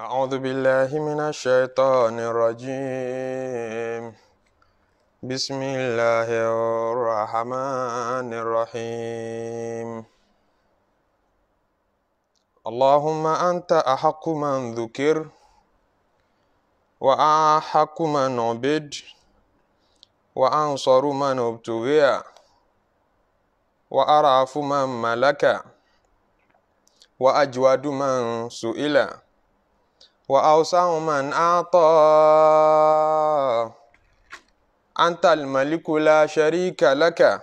أعوذ بالله من الشيطان الرجيم بسم الله الرحمن الرحيم اللهم أنت أحق من ذكر وأحق من عبد وأنصر من ابتغي وأرعف من ملك وأجود من سئل وأوسع من أعطى أنت الملك لا شريك لك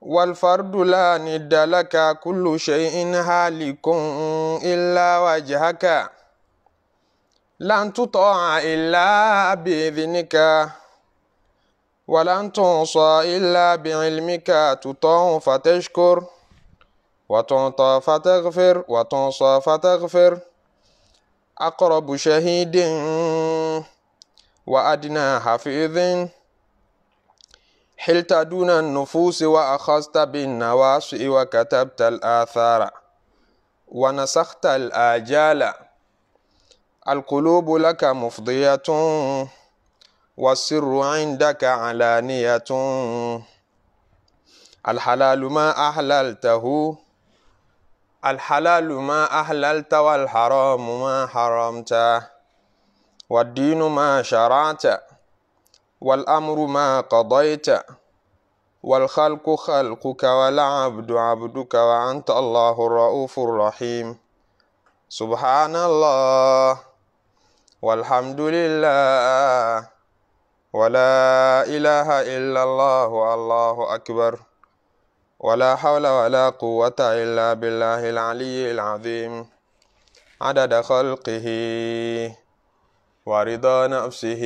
والفرد لا ند لك كل شيء هالك إلا وجهك لن تطاع إلا بإذنك ولن تعصى إلا بعلمك تطاع فتشكر وتعطى فتغفر وتعصى فتغفر أقرب شهيد وأدنى حفيظ حلت دون النفوس وأخذت بالنواصي وكتبت الآثار ونسخت الآجال القلوب لك مفضية والسر عندك علانية الحلال ما أحللته الحلال ما أحللت والحرام ما حرمت والدين ما شرعت والأمر ما قضيت والخلق خلقك والعبد عبدك وأنت الله الرؤوف الرحيم سبحان الله والحمد لله ولا إله إلا الله والله أكبر ولا حول ولا قوة إلا بالله العلي العظيم عدد خلقه ورضا نفسه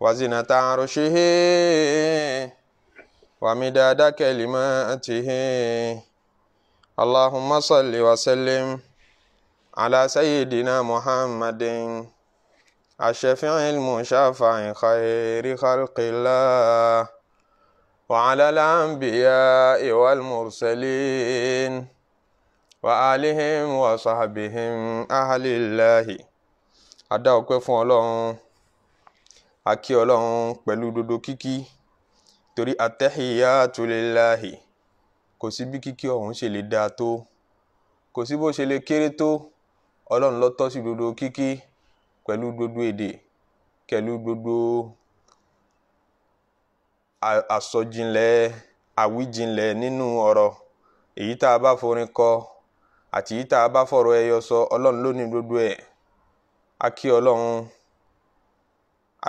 وزنة عرشه ومداد كلماته اللهم صل وسلم على سيدنا محمد الشفيع المشفع خير خلق الله وعلى الأنبياء والمرسلين وآلهم وصحبهم أهل الله adá ọpẹ́ fún Ọlọ́run a kí Ọlọ́run pẹ̀lú dodo kíkí torí attahiyatu lillahi kò sí bí kíkí ọ̀hún ṣe lè dáa tó kò sí bó ṣe lè kéré tó Ọlọ́run ló tọ́ sí dodo kíkí pẹ̀lú dodo èdè pẹ̀lú dodo àsọjinlẹ̀ àwíjinlẹ̀ nínú ọ̀rọ̀ èyí tá a bá forin kọ àti èyí tá a bá fọ̀rọ̀ ẹyọ sọ ọlọ́run ló ní gbogbo ẹ̀ a kí ọlọ́run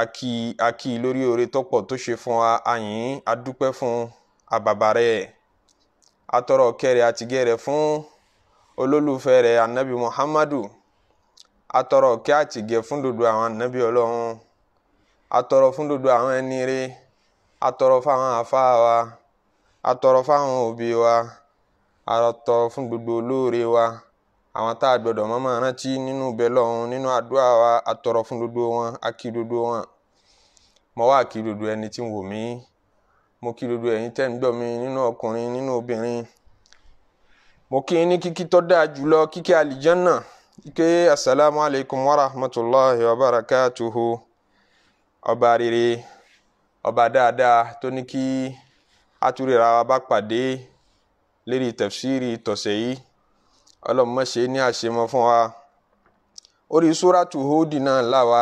a kí a kí lórí oore tọ́pọ̀ tó ṣe fún wa àyìn adúpẹ́ fún àbàbàrẹ̀ atọrọ kẹrẹ àtìgẹrẹ fún olólùfẹ́ rẹ̀ anabi muhammadu atọrọ kẹ àtìgẹ fún dodo àwọn anabi ọlọ́run atọrọ fún dodo àwọn ẹni rẹ̀ atọrọ afọ àfáà wa atọrọ fáwọn òbí wa àtọrọ fún gbogbo olóore wa àwọn tá a gbọdọ̀ mọ́mọ́ rántí nínú bẹ́lọ̀ ọ̀hún nínú àdúrà wa àtọrọ fún gbogbo wọn a wọn mo wá kí ẹni tí ń wò mí mo ń mi nínú ọkùnrin nínú obìnrin mo kí ọba dáadáa tó ní kí atúrera wa bá pàdé lérí tafsiri tọ̀sẹ̀ yìí ọlọ́run má ṣe ní àṣemọ fún wa orí súrátù hóódì náà láwa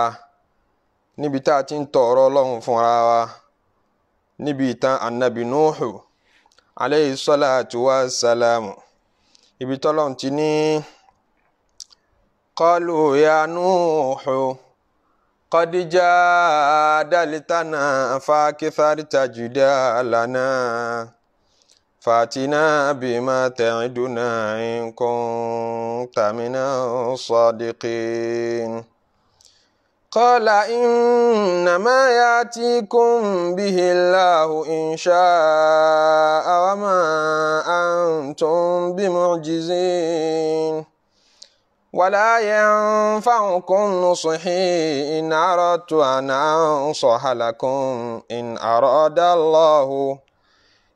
níbi tá a ti ń tọ ọ̀rọ̀ ọlọ́run fúnra wa níbi ìtàn anabi nuhu aleyhi salatu ibi tọ́lọ́run ti ní qalu ya قد جادلتنا فاكثرت جدالنا فاتنا بما تعدنا إن كنت من الصادقين قال إنما يأتيكم به الله إن شاء وما أنتم بمعجزين ولا ينفعكم نصحي إن أردت أن أنصح لكم إن أراد الله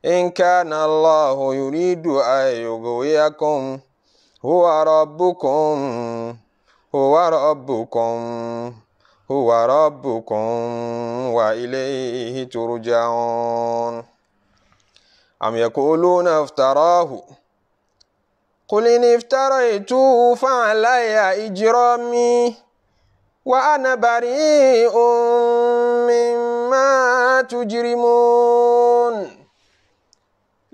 إن كان الله يريد أن يغويكم هو ربكم هو ربكم هو ربكم وإليه ترجعون أم يقولون افتراه قل إن افتريته فعلي إجرامي وأنا بريء مما تجرمون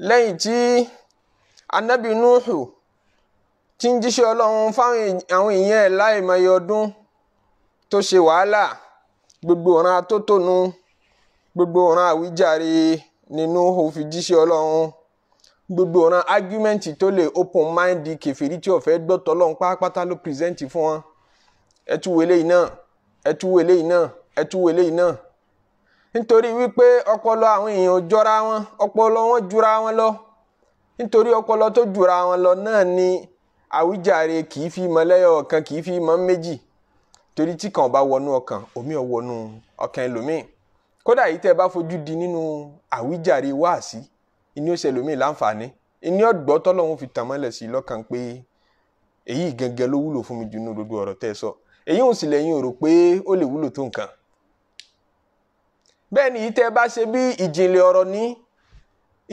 lẹ́yìn tí anábì nuhu ti ń jíṣẹ́ ọlọ́run fáwọn àwọn èèyàn ẹ̀ láìmọye ọdún tó ṣe wàhálà gbogbo ọ̀ràn atótónu gbogbo ọ̀ràn àwíjàre ni nuhu fi jíṣẹ́ ọlọ́run gbogbo ọ̀ràn ágúmẹ́ǹtì tó lè open mind kẹfìrí tí ó fẹ́ gbọ́ tọ́lọ́run pátápátá ló present fún wọn ẹ tún wo eléyìí náà ẹ tún wo eléyìí náà ẹ tún wo eléyìí náà nítorí wípé ọpọlọ àwọn èèyàn ò jọra wọn ọpọlọ wọn jura wọn lọ nítorí ọpọlọ tó jura wọn lọ náà ni àwíjàre kì í fi mọ lẹ́yọ̀ ọ̀kan kì í fi mọ méjì torí tí kan bá wọnú ọkàn omi ò wọnú ọkàn ẹlòmíì kódà yìí tẹ́ bá fojú di nínú àwíjàre wáàsí ìní òṣèlú ẹlòmíì láǹfààní ìní ọ̀gbọ́ tọ́lọ́hún fi tàn mọ́lẹ̀ sí lọ́kàn pé èyí gẹ́gẹ́ ló wúlò fún mi jù nínú gbogbo ọ̀rọ̀ tẹ́ ẹ sọ èyí ò sì lẹ́yìn ò rò pé ó lè wúlò tó nǹkan bẹ́ẹ̀ ni ìtẹ́ bá ṣe bí ìjìnlẹ̀ ọ̀rọ̀ ní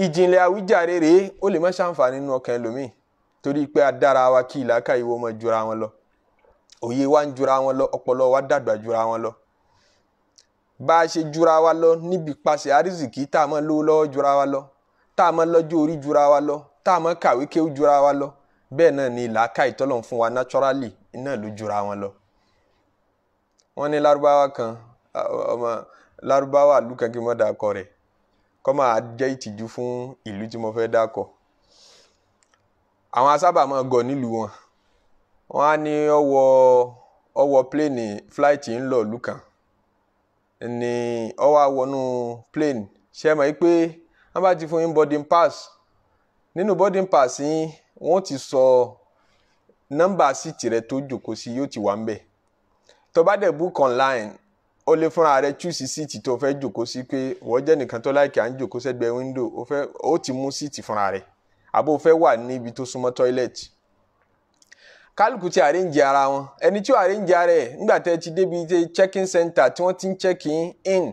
ìjìnlẹ̀ àwíjàre rèé ó lè má ṣàǹfààní nínú ọkàn ẹlòmíì torí pé a dára wa kí ìlàkà ìwọ ọmọ jura wọn lọ òye wa ń jura wọn lọ ọpọlọ wa dàgbà jura wọn lọ bá a ṣe jura wa lọ níbi pàṣẹ àrísìkí tá a mọ lówó lọ́wọ́ jura wa lọ tá a máa lọ́jọ́ orí jura wa lọ tá a máa kàwé kéwú jura wa lọ bẹ́ẹ̀ náà ni làákà ìtọ́lọ̀ fún wa naturally náà ló jura wọn lọ. wọ́n ní lárúbáwá kan ọmọ lárúbáwá ìlú kan kí n mọ́ dakọ rẹ̀ kọ́ máa jẹ́ ìtìjú fún ìlú tí mo fẹ́ dakọ. àwọn asábà máa gọ̀ nílùú wọn wọ́n á ní ọwọ́ ọwọ́ pléènì fúláìtì ń lọ ìlú kan ọwọ́ àwọnú pléènì ṣe é mọ̀ pé wọ́n bá ti fún yín boarding pass nínú boarding pass yín wọ́n ti sọ nọ́mbà síìtì rẹ tó jòkó sí yóò ti wà ń bẹ̀ tó bá dẹ̀ book online o lè fúnra rẹ chúùsì síìtì tó fẹ́ jòkó sí pé wọ́n jẹ́ nìkan tó láìkí à ń jòkó sẹ́gbẹ́ wíńdò ó ti mú síìtì fúnra rẹ̀ àbò fẹ́ wà níbi tó súnmọ́ tọ́ílẹ̀tì kálukú ti àríǹjì ara wọn ẹni tí ó àríǹjì ara ẹ nígbà tẹ ti débi check-in center tí wọ́n ti ń check-in in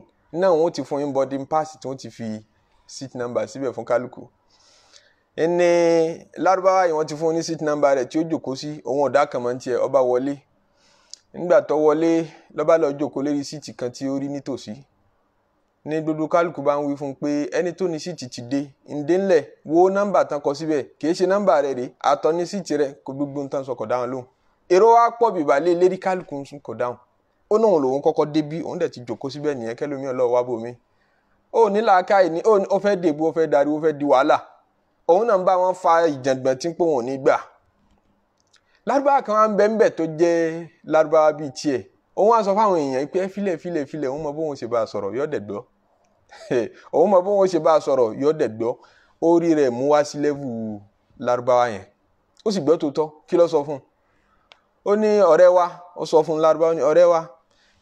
náà wọ́n ti fún yín boarding pass tí wọ́n ti fi seat number síbẹ̀ fún kálukú ẹni lárúbáwá yìí wọ́n ti fún un ní seat number rẹ̀ tí ó jòkó sí òun ọ̀dà kan máa ń tiẹ̀ ọba wọlé nígbà tó wọlé lọ́ba lọ jòkó lérí síìtì kan tí ó rí nítòsí ní gbogbo kálukú bá ń wí fún un pé ẹni tó ní síìtì ti dé ǹdé ńlẹ̀ wo nọ́mbà tán kọ síbẹ̀ kìí ṣe nọ́mbà rẹ̀ rè àtọ́ ní síìtì rẹ̀ kó gbogbo ń tán sọkọ̀ dáhùn lóhùn èrò wa pọ̀ bìbà lé lérí kálukú ń sùn kọ̀ dáhùn ó náà lòun kọ́kọ́ débí òun dẹ̀ ti jòkó síbẹ̀ nìyẹn kẹ́lómi ọlọ́wọ́ wá bòmíì ó ní làákàyè ní ó fẹ́ dèbò ó fẹ́ darí ó fẹ́ di wàhálà òun náà ń bá wọn fa ìjàngbọ̀n tí ń pò wọn ní gbà lárúbáwá kan wá ń bẹ ń bẹ tó jẹ́ lárúbáwá bíi tiẹ̀ òun á sọ fáwọn èèyàn pé filẹ̀ filẹ̀ filẹ̀ òun mọ bó wọn ṣe bá a sọ̀rọ̀ yọ dẹ̀gbọ́ òun mọ bó wọn ṣe bá a sọ̀rọ̀ yọ dẹ̀gbọ́ orí rẹ̀ mú wá sí lẹ́vù lárúbáwá yẹn ó sì gbọ́ tó tọ́ kí ló sọ fún un ó ní ọ̀rẹ́ wa ó sọ fún lárúbáwá ní ọ̀rẹ́ wa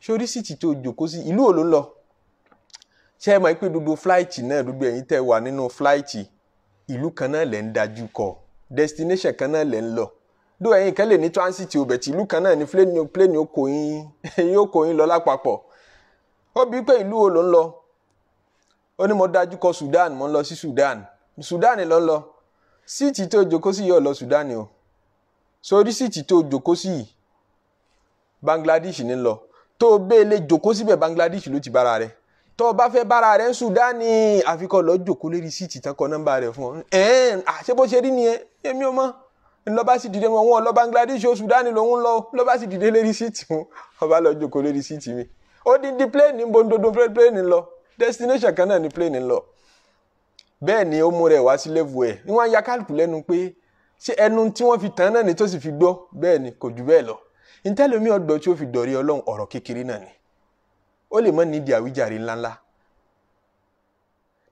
ṣé orí sì ti tó jòkó sí ìlú òun ló ń lọ ṣé ẹ mọ̀ pé gbogbo fúláìtì náà gbogbo ẹ̀yin tẹ́ wà nínú fúláìtì ìlú kan náà lẹ̀ ń dájú kọ destination kan náà lẹ̀ ń lọ dó ẹ̀yin kan lè ní transit ọbẹ̀ tí ìlú kan náà ní plane yóò kó yín yóò kó yín lọ lápapọ̀ ó bí pé ìlú wo ló ń lọ ó ní mo dájú kọ Sudan mo ń lọ sí Sudan Sudan ló ń lọ síìtì tó jókòó sí yóò lọ Sudan o sórí síìtì tó jókòó sí Bangladesh ní lọ tó o bẹ́ẹ̀ lè jókòó síbẹ̀ Bangladesh ló ti bára rẹ̀ tó o bá fẹ́ bára rẹ̀ ń Sudan ní àfikọ́ lọ jòkó lérí síìtì tán kọ nọ́mbà rẹ̀ fún ọ ẹ̀ẹ́n àṣẹ bó ṣe rí nìyẹn èmi ò mọ̀ ńlọba sì dìde wọn wọn Bangladesh ó Sudan lòun lọ lọba sì dìde lérí síìtì wọn ọba lọ jòkó lérí síìtì mi ó dín dín pléènì ń bo ndodo pléènì lọ destination kan náà ni pléènì ń lọ bẹ́ẹ̀ ni ó mú rẹ̀ wá sí lẹ́vù ẹ̀ ni wọ́n ya kálukú lẹ́nu pé ṣé ẹnu tí wọ́n fi tán náà ni tó sì fi gbọ́ bẹ́ẹ̀ ni kò jù bẹ́ẹ̀ lọ ntẹ́lómi ọ̀dọ́ tí ó fi dọ̀rí ọlọ́run ọ̀rọ̀ kékeré náà ni ó lè mọ́ nídìí àwíjàre ńláńlá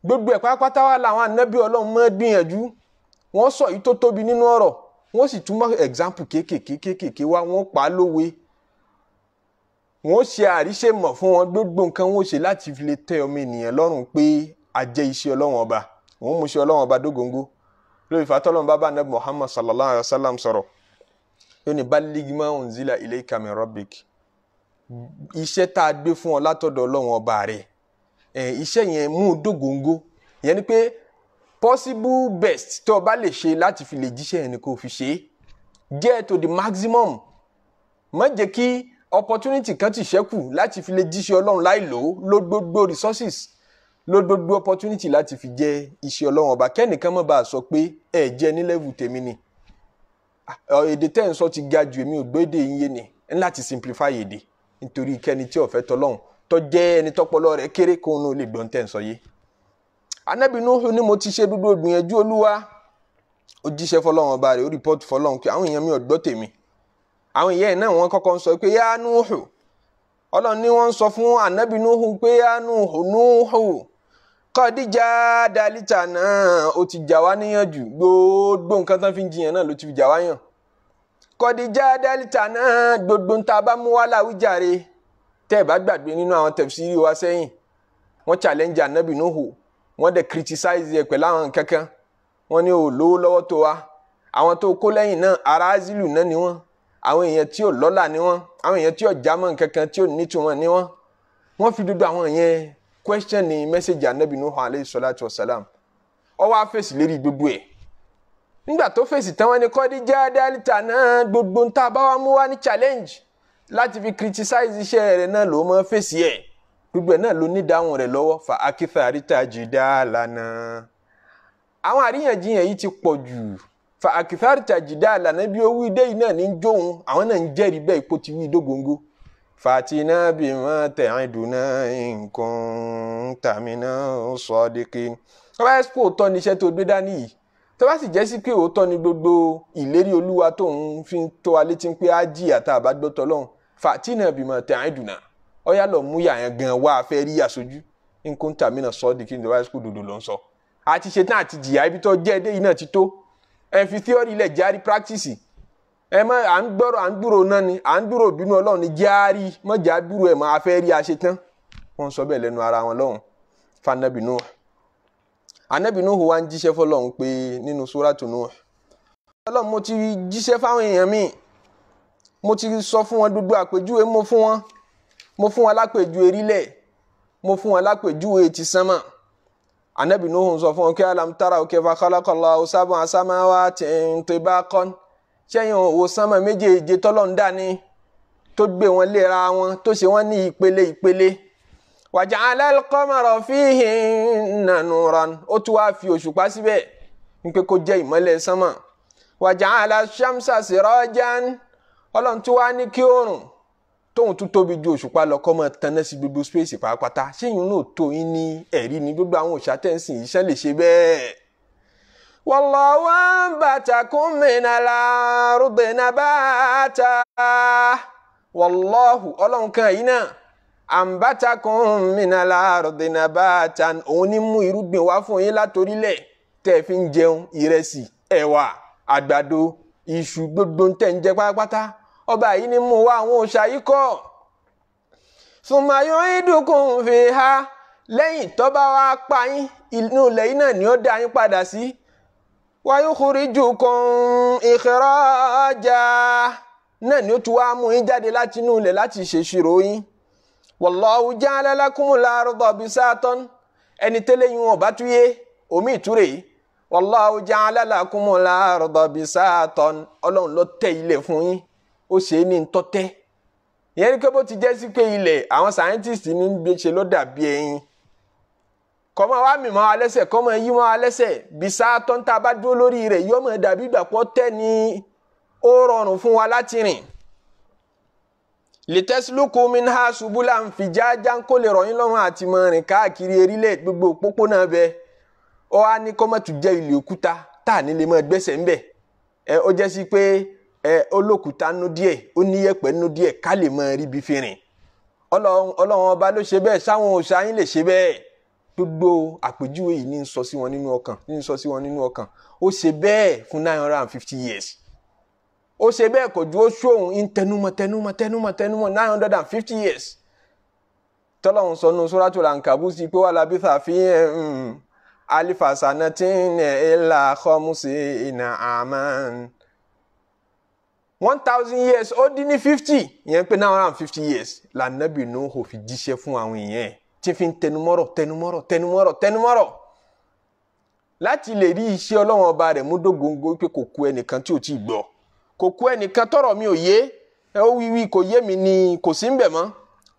gbogbo ẹ̀ pátápátá wà láwọn anábì ọlọ́run mọ́ gbìyànjú wọ́n sọ yìí tó tóbi nínú ọ̀rọ̀ wọ́n sì túmọ̀ example kéékèèké kéékèèké wá wọ́n pa á lówe wọ́n ṣe àríṣe mọ̀ fún wọn gbogbo nǹkan wọ́n ṣe láti fi lè tẹ ọmọ ènìyàn lọ́rùn pé ajẹ́ iṣẹ́ ọlọ́run ọba wọ́n mú iṣẹ́ ọlọ́run ọba dógóńgó lórí ìfàtọ́lọ́run bàbá anabi Muhammad sallallahu alayhi wa sallam sọ̀rọ̀ yóò ní balligh ma unzila ilayka min rabbik iṣẹ́ tá a gbé fún ọ látọ̀dọ̀ ọlọ́run ọba rẹ̀ iṣẹ́ yẹn mú un dógóńgó ìyẹn ni pé possible best tó o bá lè ṣe láti fi lè jíṣẹ́ yẹn ni kò fi ṣe é get to the maximum má jẹ́ kí opportunity kan ti ṣẹ́kù láti fi lè jíṣẹ́ ọlọ́run láì lò ó ló gbogbo resources ló gbogbo opportunity láti fi jẹ iṣẹ́ ọlọ́run ọba kẹ́nìkan má bàa sọ pé ẹ jẹ́ ní level tèmi ni èdè tẹ́ ń sọ ti ga jù èmi ò gbé èdè yín yé ni ńlá ti simplify èdè nítorí kẹ́ni tí ó fẹ́ tọ́lọ́hún tó jẹ́ ẹni tọ́pọlọ rẹ̀ kéré kó nu lè gbọ́n tẹ̀ ń sọ ni mo ti ṣe dúdú gbìyànjú olúwa ó jíṣẹ́ fọlọ́hún ọba rẹ̀ ó rìpọ́tù fọlọ́hún pé àwọn èèyàn mi ò gbọ́ tèmi àwọn èèyàn náà wọ́n kọ́kọ́ ń sọ pé yá Nuhu ọlọ́run ni wọ́n ń sọ fún ànábì Nuhu pé yá Nuhu Nuhu kọ́díjà dalítà náà ó ti jà wá níyànjú gbogbo nǹkan tán fi ń jiyàn náà ló ti fi jà wá yàn kọ́díjà dẹ́lítà náà gbogbo ń ta bá mú wá láwùjáre tẹ́ ẹ̀ bá gbàgbé nínú àwọn tẹ̀síìrì wa sẹ́yìn wọ́n challenge anabi nuhu wọ́n dẹ̀ criticize ẹ̀ pẹ̀lú àwọn kankan wọ́n ní o lówó lọ́wọ́ tó wa àwọn tó kó lẹ́yìn náà ará azilu náà ni wọ́n àwọn èèyàn tí ò lọ́lá ni wọ́n àwọn èèyàn tí ò jámọ́ kankan tí ò nítumọ̀ ni wọ́n wọ́n fi dúdú àwọn yẹn question ni message anabi nuhu alayhi salatu wa salam ó wá fèsì lérí gbogbo ẹ̀ nígbà tó fèsì tán wọ́n ní Khadija dálítà náà gbogbo ń tá a bá wa mú wá ní challenge láti fi criticize iṣẹ́ rẹ̀ náà ló mọ́ fèsì ẹ̀ gbogbo ẹ̀ náà ló ní ìdáhùn rẹ̀ lọ́wọ́ fa akitha rita jìdá lana àwọn àríyànjiyàn yìí ti pọ̀ jù fa akitha rita jìdá lana bí owó idé yìí náà ní ń jóun àwọn náà ń jẹ́rìí bẹ́ẹ̀ ipò ti wí dógóńgó fatina bímọ tẹ̀hìndùnà nǹkan tàmínà sọ́ọ́dẹ́kẹ́ ọba ẹ̀ sọ́kò tọ́ níṣẹ́ tó gbé dání yìí tó bá sì jẹ́ sí pé òótọ́ ni gbogbo ìlérí olúwa tó ń fi tó wa létí pé á jìyà tá a bá gbọ́ tọ́lọ́hún fàtínà bímọ tẹ àyìn dùnà ọyá lọ mú yà yẹn gan wá fẹ́ rí àṣojú nǹkan tàmí náà sọ ọ́ di kí n tó bá sùkúl dòdò ló ń sọ àti ṣetán àti jìyà ibi tó jẹ́ dé náà ti tó ẹ fi theory lẹ̀ járí practice ẹ mọ à ń gbọ́rọ̀ à ń dúró náà ni à ń dúró bínú ọlọ́run ni járí mọ́jà dúró ẹ̀ mọ́ afẹ́ rí aṣetán wọ́n sọ bẹ́ẹ̀ lẹ́nu ara wọn lọ́hùn fanabi anabi nuhu wa ń jíṣẹ́ fọlọ́run pé nínú suratu nuh ọlọ́run mo ti jíṣẹ́ fáwọn èèyàn mi mo ti sọ fún wọn dúdú àpèjúwe mo fún wọn mo fún wọn lápèjúwe rílẹ̀ mo fún wọn lápèjúwe ti sánmà anabi nuhu sọ fún wọn kí alam tara kayfa khalaqa Allahu sab'a samawatin tibaqan sẹ́yìn òwò sánmà méjèèje tọ́lọ́ ń dá tó gbé wọn léra wọn tó ṣe wọn ní ìpele ìpele wàjàlá kọ́mọ̀rọ̀ fíhìn nànúran ó tún wáá fi òṣùpá síbẹ̀ wípé kó jẹ́ ìmọ́lẹ̀ sánmà wàjàlá ṣàmṣà sirajan ọlọ́run tún wáá ní kí oòrùn tóun tún tóbi ju òṣùpá lọ kọ́ máa sí gbogbo spéèsì pàápàá ṣéyìn náà tó yín ní ẹ̀rí ni gbogbo àwọn òṣà tẹ̀sìn yìí lè ṣe bẹ́ẹ̀. wallahu anbatakum minal ardi nabata wallahu ọlọ́run kan yìí náà àǹbátakùn mìnàlá àròdìnàbàtà òun ní mú irúgbìn wá fún yín látorílẹ̀ tẹ́ fi ń jẹun ìrẹsì ẹ̀wà àgbàdo iṣu gbogbo ń tẹ̀ ń jẹ pátápátá ọba yìí ni mú wá àwọn òòṣà yìí kọ́ sùnmọ́yọ́ ìdúnkùn fi ha lẹ́yìn tó bá wá pa yín inú ilẹ̀ yìí náà ni ó dá yín padà sí wáyé kúrìjù kan ìkẹrọ ọjà náà ni ó tún wá mú yín jáde látinú ilẹ̀ láti ṣèṣirò yín wallahu ja'ala lakumul arda bisatan ẹni tẹ́lẹ̀ yìí wọn bá tún yé omi ìtúrè yìí wallahu ja'ala lakumul arda bisatan ọlọ́run ló tẹ́ ilẹ̀ fún yín ó ṣe é ní ntọ́tẹ́ ìyẹn ni pé bó ti jẹ́ sí pé ilẹ̀ àwọn scientist ní bí ṣe ló dàbí ẹyin kọ́mọ wa mì mọ́ alẹ́sẹ̀ kọ́mọ yí mọ́ alẹ́sẹ̀ bisatan tá a bá dúró lórí rẹ̀ yọ́mọ dàbí ìgbà pọ́ tẹ́ ni ó rọrùn fún wa láti rìn lìtẹ́sílùkù minha subula nfìjájá ń kó lè rọ̀yìn lọ́rùn àti mọ̀rìn káàkiri erílẹ̀ gbogbo òpópónà bẹ ọ á ní kọ́mọ̀tù jẹ́ ilé òkúta tá à ní lè mọ̀ gbẹ́sẹ̀ ń bẹ̀ ẹ ó jẹ́ sí pé ẹ olókùúta nú díẹ̀ ó níyẹ̀pẹ̀ nú díẹ̀ ká lè mọ̀ ríbi fi rìn ọlọ́run ọba ló ṣe bẹ́ẹ̀ sáwọn òòṣà lè ṣe bẹ́ẹ̀ gbogbo àpèjúwe yìí ní ń sọ sí wọn nínú ọkàn ní ń sọ sí wọn nínú ọkàn ó ṣe bẹ́ẹ̀ fún nine hundred and fifty years ó ṣe bẹ́ẹ̀ kò ju oṣù òun ń tẹnumọ́ tẹnumọ́ tẹnumọ́ nine hundred and fifty years tọ́lọ́hún sọnù suratul Ankabut sí pé wà lábísà fi alifa sanatin ila khamsi ina aman one thousand years ó dín ní fifty ìyẹn pé nine hundred and fifty years lànàbì Nuhu fi jíṣẹ́ fún àwọn èèyàn tí fi ń tẹnumọ́rọ̀ tẹnumọ́rọ̀ tẹnumọ́rọ̀ tẹnumọ́rọ̀ láti lè rí iṣẹ́ Ọlọ́run ọba rẹ̀ mú dógóńgó pé kò ku ẹnìkan tí ò tí ì gbọ́ kò kú ẹnìkan tọrọ mi ò yé ẹ ó wíwí kò yé mi ni kò sí ń bẹ̀ mọ́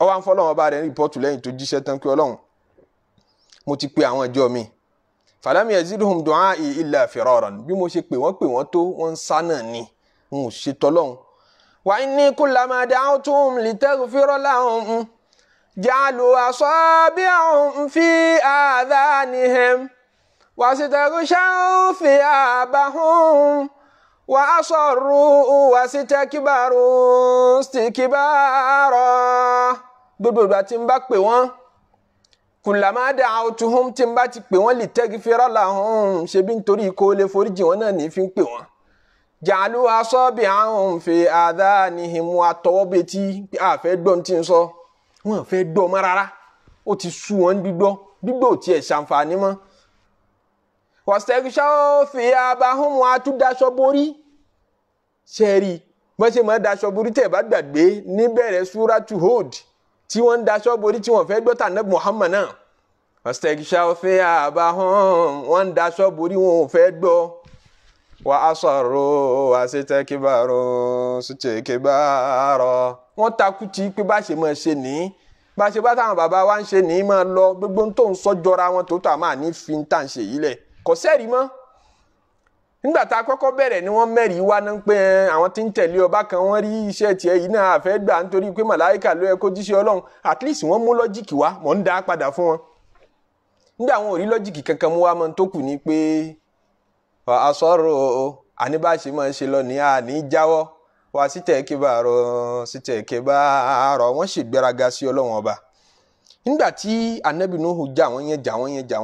ọ wá ń fọ́ lọ́wọ́ ọba rẹ̀ rìpọ́tù lẹ́yìn tó jíṣẹ́ tán pé ọlọ́run mo ti pe àwọn ìjọ mi fàlámì yaziduhum du'ai illa firaran bí mo ṣe pè wọ́n pè wọ́n tó wọ́n ń sá náà ni n ò ṣe tọ́lọ́run wa inni kullama da'awtuhum litaghfira lahum ja'alu asabi'ahum fi adhanihim wàsídẹ̀rù ṣáà ń fi àbáhùn. وأصروا واستكبروا استكبارا gbogbo ìgbà tí n bá pè wọ́n kùlàmá hum tí n bá ti pè wọ́n litaghfira lahum ṣebí nítorí kó lè foríjì wọ́n náà ní fi ń pè wọ́n ja'alu asabi'ahum fi adhanihim àtọwọ́ betí àfẹ́ gbọ́n tí ń sọ wọ́n fẹ́ gbọ́ mọ́ rárá ó ti sú wọn gbígbọ́ gbígbọ́ ò tiẹ̀ ṣàǹfààní mọ́ wọ́sẹ̀ṣẹ́ òfin abahunmu atúndaṣọ borí ṣẹ́ẹ̀rì wọ́n ṣe máa daṣọ borí tẹ̀ bá gbàgbé níbẹ̀rẹ̀ suratu Hud tí wọ́n ń daṣọ borí tí wọ́n fẹ́ gbọ́tà nẹ́bù Muhammad náà wọ́sẹ̀ṣẹ́ òfin abahunmu wọ́n ń daṣọ borí wọn ò fẹ́ gbọ́ wà á sọ̀rọ̀ wà á ṣe tẹ́ kíbàrọ̀ ṣùtẹ̀ kíbàrọ̀ wọ́n takú tí pé bá ṣe máa ṣe nìyí bá ṣe bá táwọn bàbá wa ń ṣe nìyí máa lọ gbogbo ń tó ń sọ jọra wọn tó tó àmà ní fi ń tà ń ṣe kò sẹ́ẹ̀rí mọ́ nígbà tá a kọ́kọ́ bẹ̀rẹ̀ ni wọ́n mẹ́rìí wá ná pé àwọn tí ń tẹ̀lé ọba kan wọ́n rí iṣẹ́ tiẹ̀ yìí náà àfẹ́ gbà nítorí pé màláìkà ló yẹ kó jíṣẹ́ ọlọ́run at least wọ́n mú lọ́jìkì wá mọ̀ ń dá padà fún wọn. nígbà àwọn ò rí kankan mú wá mọ́ tó kù ni pé àníbàṣe àní jáwọ́ wá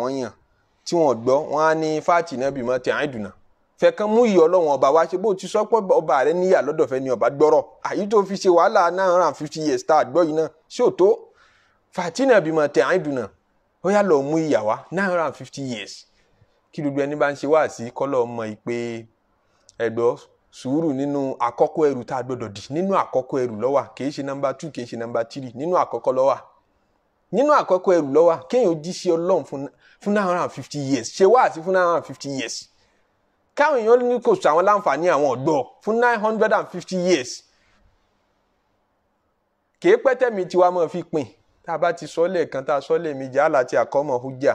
rọ tí wọ́n gbọ́ wọ́n á ní fáàtì náà bí mọ́ tí àárín dùnà fẹ̀kan mú iyì ọlọ́run ọba wá ṣe bó ti sọ pé ọba rẹ níyà lọ́dọ̀ fẹ́ ni ọba gbọ́rọ̀ àyí tó fi ṣe wàhálà nine hundred and fifty years tá a gbọ́ yìí náà ṣé ò tó fàtí náà bí mọ tẹ àárín dùnà ó yà lọ mú ìyà wá nine hundred fifty years kí gbogbo ẹni bá ń ṣe wáàsí kọ́lọ́ mọ ìpè ẹ̀gbọ́ sùúrù nínú àkọ́kọ́ ẹrù tá a gbọ́dọ̀ dì nínú àkọ́kọ́ ẹrù lọ́wà kìí ṣe number two kìí ṣe number three nínú àkọ́kọ́ lọ́wà nínú àkọ́kọ́ ẹrù lọ́wà kéèyàn jíṣẹ́ ọlọ́run fún fún nine hundred and fifty years ṣe wáàsí fún nine hundred and fifty years káwọn èèyàn ní kò sọ àwọn láǹfààní àwọn ọ̀dọ́ fún nine hundred and fifty years kìí pẹ́tẹ́mi tí wàá mọ̀ fi pin tá a bá ti sọ lẹ́ẹ̀kan tá a sọ lẹ́ẹ̀mejì àlà àti àkọ́mọ̀ hújà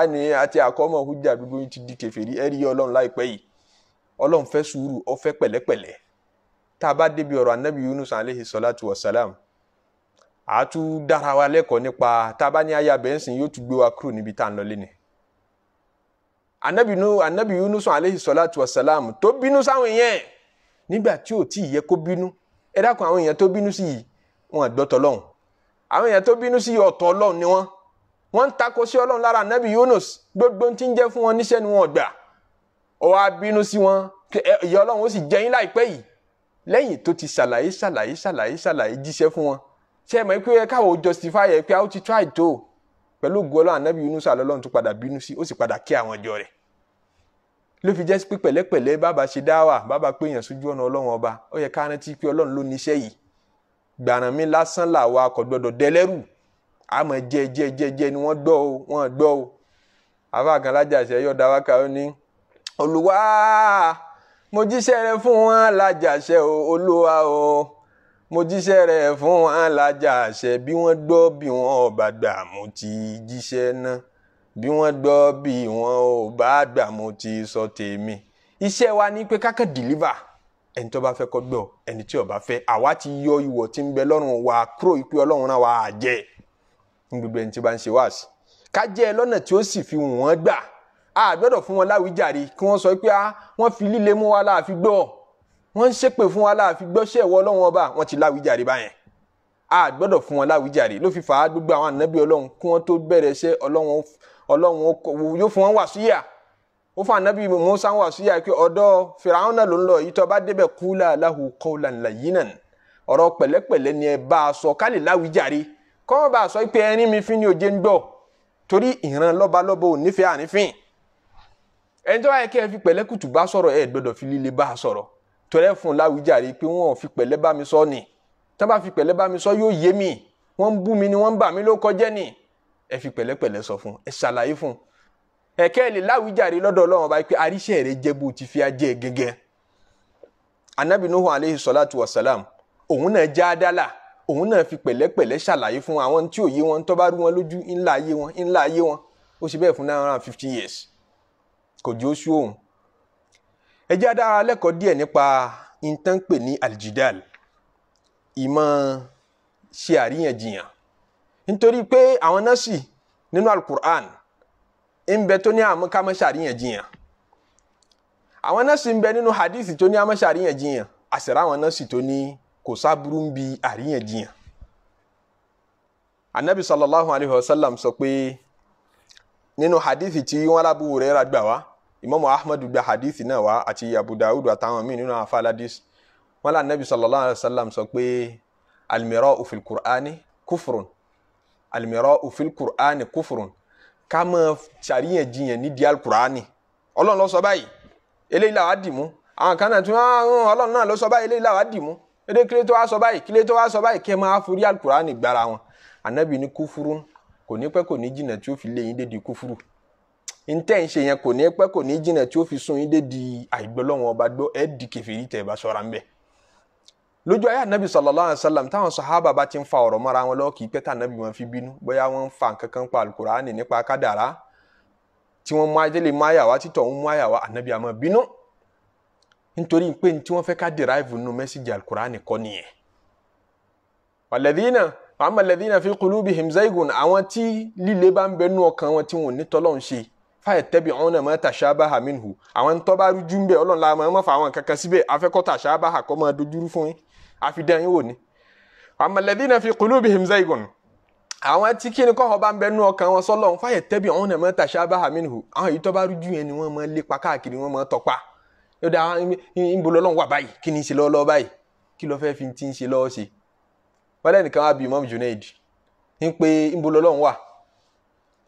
àní àti àkọ́mọ̀ hújà gbogbo yìí ti di kèfèrí ẹ̀rí ọlọ́run láìpẹ́ yìí ọlọ́run fẹ́ sùúrù ó fẹ́ pẹ̀lẹ́pẹ̀lẹ́ tá a bá débi ọ̀rọ̀ anábì Yunus alayhi salatu wa salam a tún dára wa lẹ́kọ̀ọ́ nípa tá a bá ní aya bẹ́ńsìn yóò tún gbé wa kúrò níbi tá à ń lọ léni. anabinu anabi Yunus aleyhi salatu wasalam tó bínú sáwọn èèyàn nígbà tí ò tí ì yẹ kó bínú ẹ dákun àwọn èèyàn tó bínú sí yìí wọn àgbọ́tọ̀ lọ́hùn àwọn èèyàn tó bínú sí ọ̀tọ̀ Ọlọ́run ni wọ́n wọ́n ń takò sí Ọlọ́run lára anabi Yunus gbogbo tí ń jẹ́ fún wọn níṣẹ́ ni wọn gbà ó wá bínú sí wọn ìyà Ọlọ́run ó sì jẹ yín yìí lẹ́yìn tó ti ṣàlàyé ṣàlàyé ṣàlàyé ṣàlàyé jíṣẹ́ fún wọn ṣé ẹ mọ̀ pé ẹ káwọ́ justify ẹ pé a ó try to. pẹ̀lú ògùn ọlọ́run anábì Yunus alọ́lọ́run tún padà bínú sí ó sì padà kí àwọn ọjọ́ rẹ̀ ló fi jẹ́ pé pẹ̀lẹ́pẹ̀lẹ́ bàbá ṣe dáwà bàbá pé èèyàn sójú ọ̀nà ọlọ́run ọba ó yẹ ká rántí pé ọlọ́run ló níṣẹ́ yìí gbàràn mi lásán làwa kò gbọdọ̀ dẹlẹ́rù àmọ́ jẹ́ jẹ́ jẹ́ jẹ́ ni wọ́n gbọ́ o wọ́n gbọ́ o àfàgàn lájàṣẹ yọ̀dá wákà ó ní olùwà mo jíṣẹ́ rẹ fún wọn lájàṣẹ o olúwa o mo jíṣẹ́ rẹ̀ fún alájà àṣẹ bí wọ́n gbọ́ bí wọ́n ò bá gbà mo ti jíṣẹ́ náà bí wọ́n gbọ́ bí wọ́n ò bá gbà mo ti sọ tèmi. iṣẹ́ wa ni pé kákan deliver ẹni tó bá fẹ́ kó gbọ́ ẹni tí ò bá fẹ́ àwa ti yọ ìwọ̀ tí ń bẹ lọ́rùn wa kúrò ìpè ọlọ́run náà wà á jẹ́ ní gbogbo ẹni tí bá ń ṣe wáàsí ká jẹ́ ẹ lọ́nà tí ó sì fi wọ́n gbà á fún wọn láwíjàre kí wọ́n sọ pé ah, wọ́n fi líle mú wa láàfin gbọ́ wọ́n ń ṣépè fún wa láàfin gbọ́ṣẹ́ ìwọ ọlọ́run ọba wọ́n ti láwíjàre báyẹn a gbọ́dọ̀ fún wọn láwíjàre ló fi fà á gbogbo àwọn ànábì ọlọ́run kí wọ́n tó bẹ̀rẹ̀ iṣẹ́ ọlọ́run yóò fún wọn wàásíyà ó fún ànábì Musa wàásíyà pé ọ̀dọ̀ Fìràwọn náà ló ń lọ yìí bá débẹ̀ kúlà lahu qawlan layyinan ọ̀rọ̀ pẹ̀lẹ́pẹ̀lẹ́ ni ẹ bá a sọ ká lè láwíjàre kọ́ wọn bá a sọ pé ẹni mi ni òjé ń gbọ́ torí ìran lọ́balọ́ba ò nífẹ̀ẹ́ àrífín ẹni tó wáyé kí ẹ fi pẹ̀lẹ́kùtù bá sọ̀rọ̀ ẹ gbọ́dọ̀ fi líle bá a sọ̀rọ̀ tọ́lẹ̀ fún láwùjáre pé wọ́n fi pẹ̀lẹ́ bá mi sọ ni tán bá fi pẹ̀lẹ́ bá mi sọ yóò yé mi wọ́n ń bú mi ni wọ́n ń bà mí ló kọjẹ́ ni ẹ fi pẹ̀lẹ́pẹ̀lẹ́ sọ fún ẹ ṣàlàyé fún ẹ̀kẹ́ lè láwùjáre lọ́dọ̀ ọlọ́run báyìí pé àríṣẹ́ rẹ jẹ́ bó ti fi ajẹ́ gẹ́gẹ́ anabi nuhu aleyhi salatu wa salam òun náà já dálà òun náà fi pẹ̀lẹ́pẹ̀lẹ́ ṣàlàyé fún àwọn tí òye wọn tó bá rú wọn lójú ńlá ayé wọn ńlá ayé wọn ó ṣe bẹ́ẹ̀ fún nine hundred and fifty years kò jẹ́ oṣù òun ẹ jẹ́ adára lẹ́kọ̀ọ́ díẹ̀ nípa nǹkan pè ní aljidal ìmọ̀ ṣe àríyànjiyàn nítorí pé àwọn nọ́ọ̀sì nínú alukur'an ń bẹ tó ní àmúkámọ́ ṣàríyànjiyàn àwọn nọ́ọ̀sì ń bẹ nínú hadith tó ní àmọ́ ṣàríyànjiyàn àṣẹ̀rá àwọn nọ́ọ̀sì tó ní kò sábúrú ń bi àríyànjiyàn anabi sallallahu alayhi wa sallam sọ pé nínú hadith tí wọn lábúrò rẹ̀ rà gbà wá imaamu ahmadu gba hadithi náà wá àti abu dawud àtàwọn míì nínú afa aladis wọn là nabi sallallahu alayhi wa sallam sọ pé alimiro ofil kur'ani kufurun alimiro ofil kur'ani kufurun ká máa ṣàríyànjiyàn nídìí alukur'ani ọlọ́run ló sọ báyìí eléyìí làwọn á dì mú àwọn kan náà tún ah, ọlọ́run náà ló sọ báyìí eléyìí làwọn á dì mú èdè kílé tó wá sọ báyìí kílé tó wá sọ báyìí kẹ́ máa forí alukur'ani gbára wọn anabi ní kúfurun kò ní pẹ́ kò ní jìnnà tí ó fi lé dédi kúfuru ntẹ́ ń ṣe yẹn kò ní pẹ́ kò ní jìnà tí ó fi sun yín dé di àìgbọ́lọ́wọ́n ọba gbọ́ ẹ̀ di kẹfìrí tẹ̀ bá sọ̀rọ̀ ńbẹ. lójú ayé anabi sallallahu alayhi wa sallam táwọn sahaba bá ti ń fa ọ̀rọ̀ mọ́ra wọn lọ́wọ́ kì í pẹ́ tá anabi wọn fi bínú bóyá wọ́n ń fa nǹkan kan pa alukur'ani nípa kádàrá tí wọ́n mú ajẹ́lẹ̀ mú àyàwá títọ̀ ń mú àyàwá anabi àmọ́ bínú nítorí pé tí wọ́n fẹ́ ká derive nínú mẹ́síjì alukur'ani kọ́ nìyẹn. wàlẹ́dínà àmàlẹ́dínà fi qulubihim zaygun àwọn tí líle bá ń bẹnu ọkàn wọn tí wọn ò ní tọ́lọ́ ń ṣe fayetabi'una ma tashabaha minhu àwọn tó bá rújú ń bẹ ọlọ́run láàmú ama má fa àwọn kankan síbẹ̀ afẹ́kọ́ tashabaha kọ́ máa fún yín yín wò fi qulubihim zaygun àwọn tí kí ni kọ́kọ́ bá ń bẹ nú ọkàn wọn sọ́lọ́run fayetabi'una ma tashabaha minhu àwọn yìí bá rújú yẹn ni wọ́n máa lépa káàkiri wọ́n máa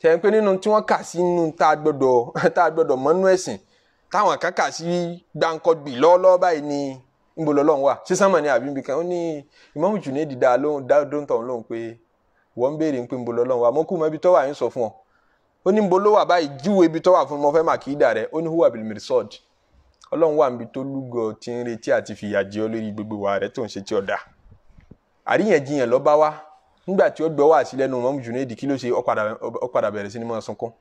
tẹ̀ pé nínú tí wọ́n kà sí inú tá a gbọ́dọ̀ tá a gbọ́dọ̀ mọ́nú ẹ̀sìn táwọn kan kà sí gbàǹkọ́gbì lọ́ọ́lọ́ọ́ báyìí ni níbo lọ́lọ́run wà ṣé sánmà ni àbí nbí kan ó ní Ìmámù Junaid dá lóhùn wọ́n ń béèrè pé wà mọ́ sọ fún ọ ó ní wà báyìí júwe ibi fún fẹ́ mà rẹ ó ní nígbà tí ó gbọ́ wá sí lẹ́nu mọ́mú Junaid kí ló ṣe ó padà bẹ̀rẹ̀ sí ni máa sunkún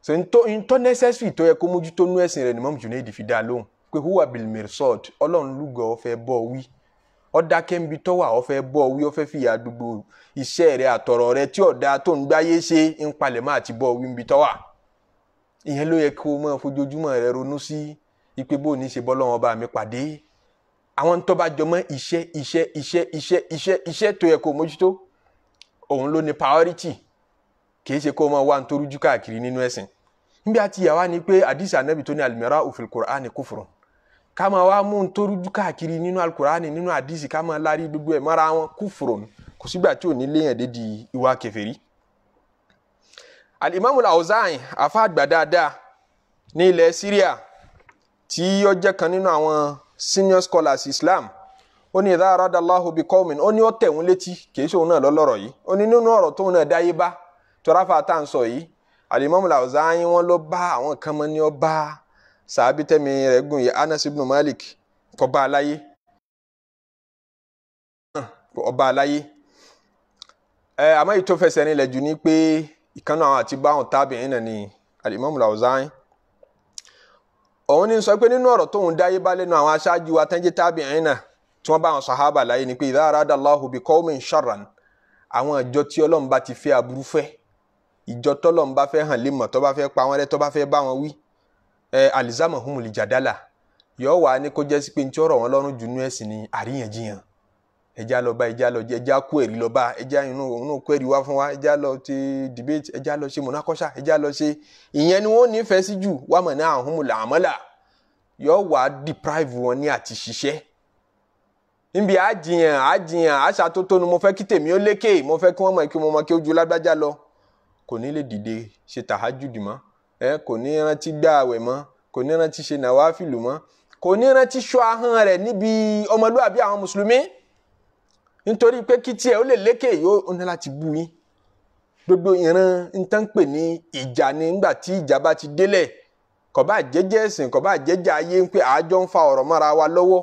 so ntọ́ necessary tó yẹ kó mójútó nú ẹ̀sìn rẹ̀ ni mọ́mú Junaid fi dá lóhùn pé huwa bilmirsod ọlọ́run lúgọ̀ ọ fẹ́ bọ́ wí ọ̀dà kẹ́mbi tọ́wà ọ fẹ́ bọ́ wí ọ fẹ́ fìyà gbogbo iṣẹ́ rẹ̀ àtọ̀rọ̀ rẹ̀ tí ọ̀dà tó ń gbáyé ṣe ń palẹ̀ máa ti bọ́ wí ń bi tọ́wà ìyẹn ló yẹ kó o máa fojoojúmọ́ rẹ ronú sí ipe bó o ní ṣe bọ́lọ́wọ́n bá mi pàdé àwọn tó bá jọmọ́ iṣẹ́ iṣẹ́ iṣẹ́ iṣẹ́ iṣẹ́ tó yẹ kó mójútó òun ló ní priority kìí ṣe kó o máa wá nítorújú káàkiri nínú ẹ̀sìn níbi àti ìyàwó ni pé àdìsí ànábì tó ní àlùmírà òfin kùránì kúfùrùn ká máa wá mú nítorújú káàkiri nínú alukùránì nínú àdìsí ká máa lárí gbogbo ẹ̀ mọ́ra wọn kúfùrùn kò sígbà tí ò ní léèyàn dé di ìwà kèfèrí. alimami al afa àgbà dáadáa ní ilẹ̀ Syria tí ó jẹ́ kan nínú àwọn senior scholars Islam ó ní ìdá àràdà Allahu bi qawmin ó ní ó tẹ̀ létí kìí ṣe òun náà lọ́lọ́rọ̀ yìí ó ní nínú ọ̀rọ̀ tóun náà dáyé bá tọ́ráfà tá à ń sọ yìí wọn ló bá àwọn kan mọ́ ní ó bá sàábí ibn Malik kọ́ aláyé ọba aláyé ẹ àmọ́ èyí tó fẹsẹ̀ nílẹ̀ jù ní pé ìkànnì àwọn àti ni bá àwọn tí wọ́n bá àwọn sahaba láyé ni pé idha arada Allahu bi qawmin sharran àwọn ìjọ tí Ọlọ́run bá ti fẹ́ aburú fẹ́ ìjọ tọ́lọ́run bá fẹ́ hàn lémọ̀ tó bá fẹ́ pa wọ́n rẹ́ tó bá fẹ́ bá wọn wí ẹ alizama humul jadala yóò wá ní kó jẹ́ sí pé ní tí ọ̀rọ̀ wọn lọ́rùn jù nú ẹ̀sìn ni àríyànjiyàn ẹja lọ bá ẹja lọ ẹja kó ẹ̀rí lọ bá ẹja inú òun náà kó wá fún wa ẹja lọ ti debate ẹja lọ ṣe mọ̀nàkọ́ṣà ẹja lọ ṣe ìyẹn ni wọ́n nífẹ̀ẹ́ sí jù wàmọ̀ náà humul amala yóò wá deprive wọn ní àti ṣiṣẹ́ níbi àjiyàn àjiyàn àṣàtótónu mo fẹ́ kí tèmi ó lékè mo fẹ́ kí wọ́n mọ̀ kí mo mọ̀ kí ó ju lágbájá lọ kò ní lè dìde ṣe tàhájùdì mọ́ ẹ kò ní rántí gbá àwẹ̀ mọ́ kò ní rántí ṣe nàwáfìlù mọ́ kò ní rántí ṣọ́ ahọ́n rẹ̀ níbi ọmọlúwàbí àwọn mùsùlùmí nítorí pé kí tiẹ̀ ó lè lékè yóò ó ní láti bú yín gbogbo ìran nǹkan pè ní ìjà ni nígbà tí ìjà bá ti délẹ̀ kò bá jẹ́jẹ́ ẹ̀sìn kò bá jẹ́jẹ́ ayé ń pé àjọ ń fa ọ̀rọ̀ mọ́ra wa lọ́wọ́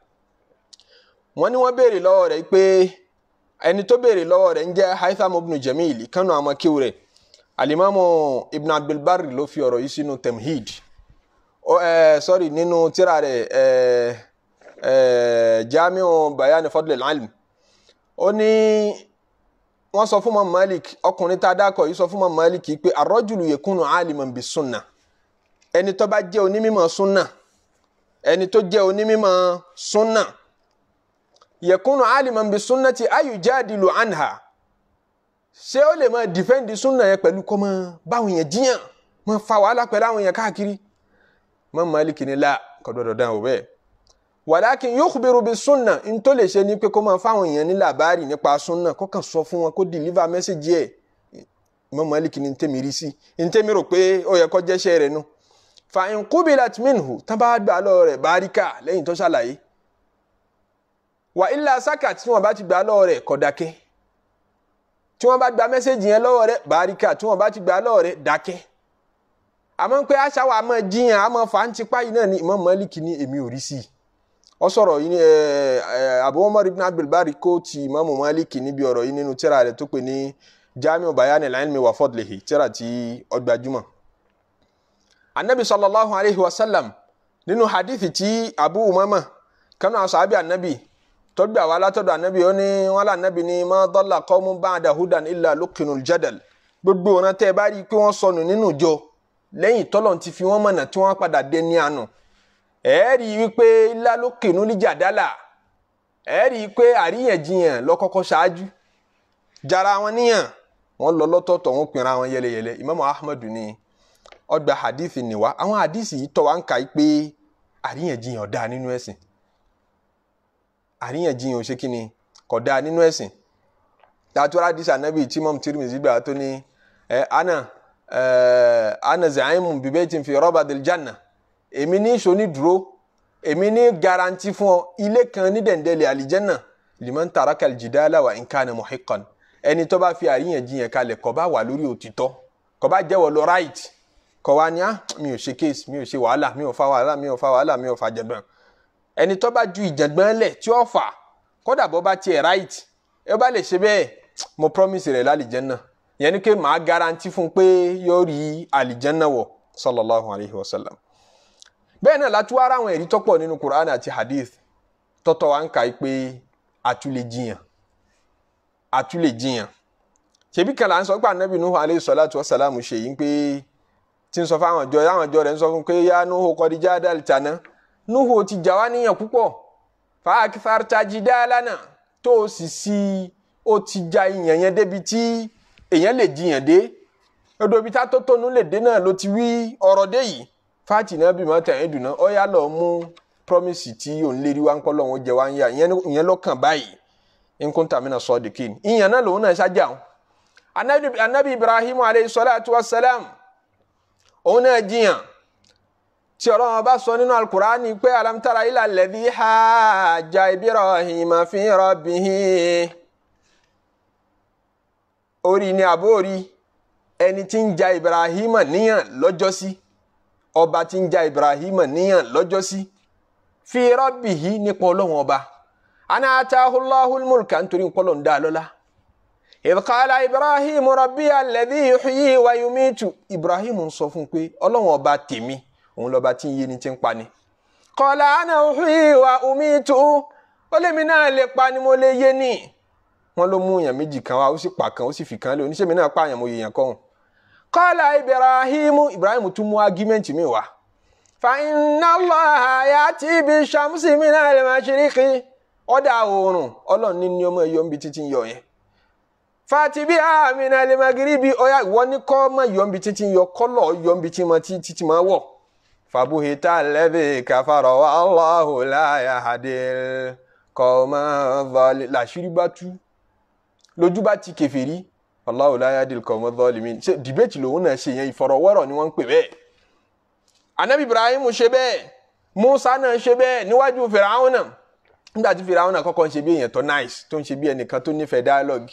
wọ́n ní wọ́n béèrè lọ́wọ́ rẹ̀ pé ẹni tó béèrè lọ́wọ́ rẹ̀ ń jẹ́ haitham ibn jamil kánú amakiw rẹ̀ alimamu ibn abdulbari ló fi ọ̀rọ̀ yìí sínú temhid ó ẹ sọ́rí nínú tíra rẹ̀ ẹ ẹ jamiu bayani fadlil alim ó ní wọ́n sọ fún Imam Malik ọkùnrin tá a dákọ̀ yìí sọ fún Imam Malik pé arọ́jùlù yẹkùnù aliman bi sunna ẹni tó bá jẹ́ onímọ̀ sunna ẹni tó jẹ́ onímọ̀ sunna yakunu aliman bi sunnati ayu jadilu anha ṣé ó lè máa dìfẹ́ǹdì súnà yẹn pẹ̀lú kọ́ máa báwọn yẹn jiyàn máa fa wàhálà pẹ̀lú àwọn yẹn káàkiri máa Málíkì ni la kọ́dọ̀dọ̀ dáhùn ò bẹ́ẹ̀. wàlákin yukhbiru bi súnà n tó lè ṣe ni pé kó máa fáwọn yẹn ní làbárì nípa súnà kó kàn sọ fún wọn kó deliver message yẹ máa Málíkì ni ntẹ́mi rí sí ntẹ́mi rò pé ó yẹ kó jẹ́ṣẹ́ rẹ̀ nu. fa in qubilat minhu tábà gbà lọ rẹ̀ báríkà lẹ́yìn tó ṣàlàyé wà ilà sákà tí wọ́n bá ti gbà lọ́wọ́ rẹ̀ kó dákẹ́ tí wọ́n bá gba mẹ́sẹ̀gì yẹn lọ́wọ́ rẹ̀ bàríkà tí wọ́n bá ti gbà lọ́wọ́ rẹ̀ dákẹ́ àmọ́ pé àṣà wa máa jiyàn àmọ́ fàǹtìpá yìí náà ni Imam Malik ní èmi ò rí sí i ó sọ̀rọ̀ yìí ẹ ẹ Abu Umar ibn Abdul Bari kó ti níbi ọ̀rọ̀ yìí nínú tírà rẹ̀ tó pè ní Jami'u Bayanil Ilmi wa Fadlihi tírà tí ó gbajúmọ̀ anabi sallallahu alayhi wa sallam nínú hadithi tí Abu Umama kanu asabi anabi tọ́gbà wa látọ̀dọ̀ ànábì ó ní wọn là ànábì ní ma dalla qawmun ba'da hudan gbogbo ọ̀nà tẹ́ ẹ bá rí i pé wọ́n sọnù nínú ìjọ lẹ́yìn tọ́lọ̀ ti fi wọ́n mọ̀nà tí wọ́n padà dé ní àná rí i wípé rí i pé àríyànjiyàn lọ́kọ́kọ́ jara wọn níyàn wọn lọ lọ́tọ̀ọ̀tọ̀ wọn pinra wọn yẹlẹyẹlẹ àríyànjiyàn ò ṣe kí ni kódà nínú ẹ̀sìn tàtúrà dísà nábì tí mọ́mù Tirmidhi gbà tó ẹ ana ẹ ana zaimu bibaitin fi rabadil janna èmi ní soni dúró èmi ní garanti fún ọ ilé kan ní dẹ̀ndẹ̀lẹ̀ àlìjẹ́nà liman taraka aljidala wa in kana muhiqqan ẹni tó bá fi àríyànjiyàn kalẹ̀ kó bá wà lórí òtítọ́ kó bá jẹ́wọ́ lọ right kó wá ní á ah, mi ò ṣe case mi ò ṣe wàhálà mi ò fa wàhálà mi ò fa wàhálà mi ò fa jẹ̀bẹ̀rẹ̀ ẹni tó bá ju ìjàngbọ̀n lẹ̀ tí ó fà kódà bó bá tiẹ̀ right ẹ bá lè ṣe bẹ́ẹ̀ mo promise rẹ̀ lálìjẹ́nà yẹn ni pé màá garanti fún un pé yóò rí àlìjẹ́nà wọ̀ sallallahu alayhi wa sallam. bẹ́ẹ̀ náà látú ara àwọn ẹ̀rí tọ́pọ̀ nínú Qur'an àti hadith tọ́tọ̀ wa ń kà í pé àtúlẹ̀ jiyàn àtúlẹ̀ jiyàn ṣebí kan là ń sọ pé anabi nuhu alayhi salatu wa salam ṣe yìí pé tí ń sọ fáwọn àwọn ọjọ́ rẹ̀ ń sọ fún pé yá nuhu kọ́díjà dàlítàná nuhu ti jà wá níyàn púpọ̀ fàákìfàrtají dáálánà tó o sì si o ti ja ìyàn yẹn débi tí èèyàn lè jiyàn dé odò tó tónú lè dé náà ló ti wí ọ̀rọ̀ dé yìí fáàtì náà bímọ tẹ̀yìn dùnà ó yá lọ mú promise tí òun lè rí wá ń kọ́ lọ́wọ́ jẹ wá ń yà ìyẹn lọ́kàn báyìí anabi ibrahim aleyhi wa òun tí ọlọ́run bá sọ nínú alukur'ani pé alamtara ilà lẹ́bí hajja Ibrahima fi rabbihi orí ni àbórí ẹni tí ń ja Ibrahima níyàn lọ́jọ́sí ọba tí ń ja Ibrahima níyàn lọ́jọ́sí fi rabbihi nípa ọlọ́run ọba ana ataahullahul mulka nítorí nkọlọ̀ ń dá lọ́lá ìdíkàlà Ibrahim rabbi alladhi yuhyi wa yumitu Ibrahim sọ fún pé ọlọ́run ọba tèmi òun lọ́ba tí ń yé ni tí ń pa ni. kọ́lá àná òhìn ìwà omi tó ó lèmi náà lè pa ni mo lè yé ni. wọ́n ló mú èèyàn méjì kan wá ó sì pa kan ó sì fi kan lé oníṣẹ́ mi náà pààyàn mo yèèyàn kọ́hùn. kọ́lá Ibrahim Ibrahim tún mú argument mi wá. fa inna Allah ya'ti bi shamsi min al-mashriqi ọ̀dà oòrùn ọlọ́ọ̀ni ni ọmọ ẹ̀yọ́ ń bi títí ń yọ yẹn fati bi amina lemagiri bi ọya ìwọ ni kọ́ ma yọ̀ nbi títí yọ kọ́lọ̀ yọ̀ fabuhita alladhi kafara wa Allahu la yahdil qawma zalimin làṣírí bá tú lójú bá ti kèfèrí Allahu la yahdil qawma zalimin ṣe dìbẹ́tì lòun náà ṣe yẹn ìfọ̀rọ̀wọ́rọ̀ ni wọ́n ń pè bẹ́ẹ̀ anabi Ibrahim ṣe bẹ́ẹ̀ Musa náà ṣe bẹ́ẹ̀ níwájú Fìràwọn náà nígbà tí Fìràwọn náà kọ́kọ́ ń ṣe bí èèyàn tó nice tó ń ṣe bí ẹnìkan tó nífẹ̀ẹ́ dialogue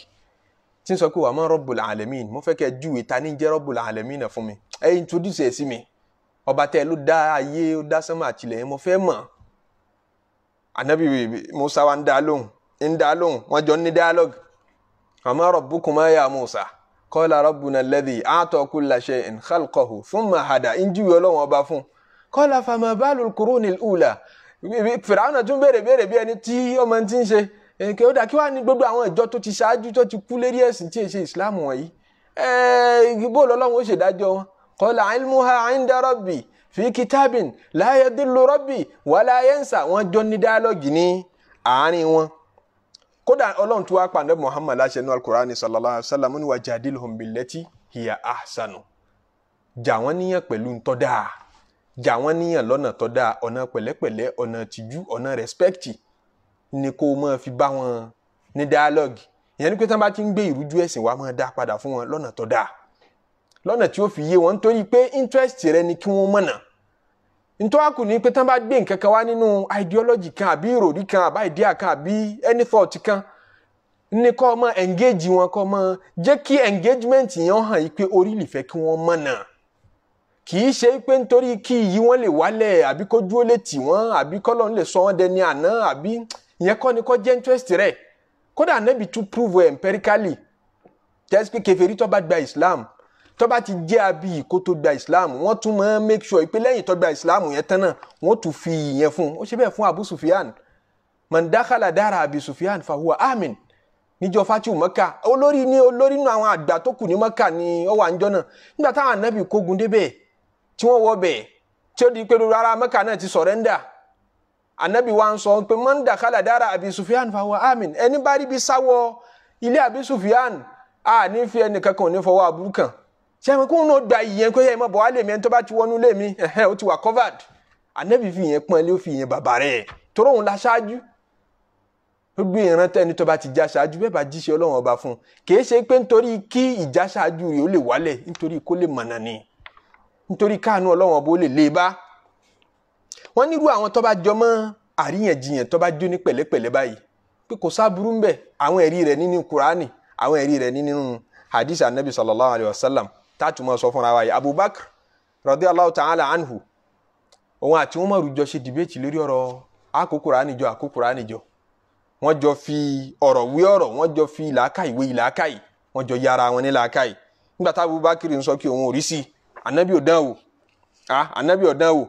tí ń sọ pé wàá mọ Rabbul Alamin mo fẹ́ kẹ́ júwe ta ní jẹ́ Rabbul Alamin náà fún mi ẹ introduce ẹ sí mi ọba tẹ́ ló dá ayé ó dá sánmà àtìlẹ̀ mo fẹ́ mọ̀ anabi musa wa ń dá lóhùn ń dá lóhùn wọ́n jọ ní dialogue ama rabbukuma ya musa qala rabbuna alladhi a'ta kulla shay'in khalqahu thumma hada ń júwe ọlọ́wọ́n ọba fún qala fama balul qurunil ula fìràwọnà tún béèrè béèrè bí ẹni tí ọmọ ti ń ṣe èké ó dà kí wàá ní gbogbo àwọn ìjọ tó ti ṣáájú tó ti kú lérí ẹ̀sìn tí èṣe ìsìláàmù wọ̀nyí ẹ̀ẹ́d bó lọ́lọ́run ó ṣèdájọ́ wọn qala ilmuha inda rabbi fi kitabin la yadillu rabbi wala yansa wọ́n jọ ní dáálọ́gì ní àárín wọn kódà ọlọ́run tó wá pàdé muhammad láṣẹ ní alukur'ani sallallahu alayhi wa sallam ní wajadilhum billati hiya ahsanu jà wọ́n níyàn pẹ̀lú ntọ́dà jà wọ́n níyàn lọ́nà tọ́dà ọ̀nà pẹ̀lẹ́pẹ̀lẹ́ ọ̀nà tìjú ọ̀nà rẹ́spẹ́kìtì ni kó o máa fi bá wọn ní dialogue ìyẹn ni pé tí wọ́n bá ti ń gbé ìrújú ẹ̀sìn wa máa dá padà fún wọn lọ́nà tọ́dà lọ́nà tí ó fi yé wọn nítorí pé interest rẹ ni kí wọ́n mọ̀nà ntọ́wákù ni pé tán bá gbé nǹkan kan wá nínú ideology kan àbí ìròrí kan àbá idea kan àbí any thought kan ní kọ́ ọmọ engage wọn kọ́ ọmọ jẹ́ kí engagement yẹn hàn yìí pé orí lè fẹ́ kí wọ́n mọ̀nà kì í ṣe pé nítorí kí iyì wọn lè wálẹ̀ àbí kó dúró lè tì wọ́n àbí kọ́lọ́ ń lè sọ wọ́n dẹni àná àbí ìyẹn kọ́ ni kọ́ jẹ́ interest rẹ̀ kódà nẹ́bi tún prove empirically jẹ́ pé kèfèrí tó bá gba Islam tó bá ti jẹ́ àbí kó tó gba islam wọ́n tún máa ń make sure pé lẹ́yìn tó gba islam yẹn tán náà wọ́n tún fi ìyẹn fún un ó ṣe bẹ́ẹ̀ fún abu sufyan mandakala dara abi sufyan fahuwa amin níjọ fatiu maka. olórí ní olórí nínú àwọn àgbà tó kù ní mọ́kà ní ọwọ́ àǹjọ́ náà nígbà táwọn anábì kógun débẹ̀ tí wọ́n wọ bẹ̀ tí ó di pé lórí ara mọ́kà náà ti sọ̀rẹ́ndà anábì wa ń sọ pé mandakala dara abi sufyan fahuwa amin ẹni bá rí bí sáwọ ilé abi sufyan a ní fi ẹnìkankan ò ní fọwọ́ aburú kan sẹ́yìn kóun náà gba ìyẹn pé ẹ mọ̀ bọ̀ wá lèmi ẹni tó bá ti wọnú lèmi ẹ̀hẹ́ ó ti wà covered ànábì fi ìyẹn pọ́n lé ó fi ìyẹn bàbá rẹ̀ tóró òun la ṣáájú ó gbé ìran tẹ́ni tó bá ti já ṣáájú bẹ́ẹ̀ bá jíṣẹ́ ọlọ́run ọba fún un kìí ṣe pé nítorí kí ìjà ṣáájú rẹ̀ ó lè wálẹ̀ nítorí kó lè mọ̀nà ni nítorí káànú ọlọ́run ọba ó lè lé e bá wọ́n nírú àwọn tó bá jọmọ́ àríyànjiyàn tó bá jó ní pẹ̀lẹ́pẹ̀lẹ́ báyìí pé kò sáburú ń bẹ àwọn ẹ̀rí rẹ̀ nínú Kùránì àwọn ẹ̀rí rẹ̀ nínú hadith anabi sallallahu alayhi wa sallam táàtù máa sọ fúnra wa yìí Abubakar radiyallahu ta'ala anhu òun àti Umaru jọ ṣe dìbẹ́tì lórí ọ̀rọ̀ akókòrá níjọ akókòrá níjọ wọ́n jọ fi ọ̀rọ̀ wí ọ̀rọ̀ wọ́n jọ fi làákàyè wé làákàyè wọ́n jọ yára wọn ní làákàyè nígbà tá Abubakar ń sọ kí òun ò rí sí anabi ọ̀dán wò ah anabi ọ̀dán wò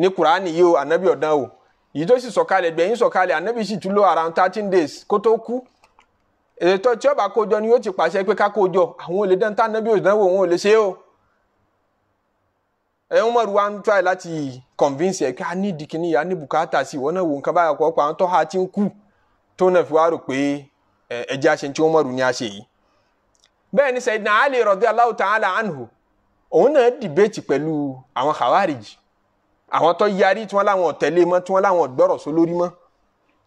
ní kuraani yìí o anabi ọ̀dán wò yìí tó sì sọ̀kalẹ̀ gbẹ̀yìn sọ̀kalẹ̀ anabi sì tún around thirteen days kó tó kú ètò tí ọba kójọ ni yóò ti pàṣẹ pé ká kójọ àwọn olè dẹ́ńtà nẹ́bí òdánwò wọn ò lè ṣe o ẹ̀yin wọn rú wa ń try láti convince ẹ̀ pé a ní ìdíkíní a ní bùkátà sí ìwọ náà wò nǹkan báyà kọ́ pa àwọn tọ́ha ti ń kú tó náà fi wá rò pé ẹ̀jẹ̀ àṣẹ tí wọ́n mọ̀rù ni a ṣe yìí bẹ́ẹ̀ ni Sayyidina Ali radiyallahu ta'ala anhu òun náà dìbẹ́tì pẹ̀lú àwọn khawarij àwọn tó yarí tí wọ́n láwọn tẹ̀lé mọ́ tí wọ́n láwọn gbọ́rọ̀ sólórí mọ́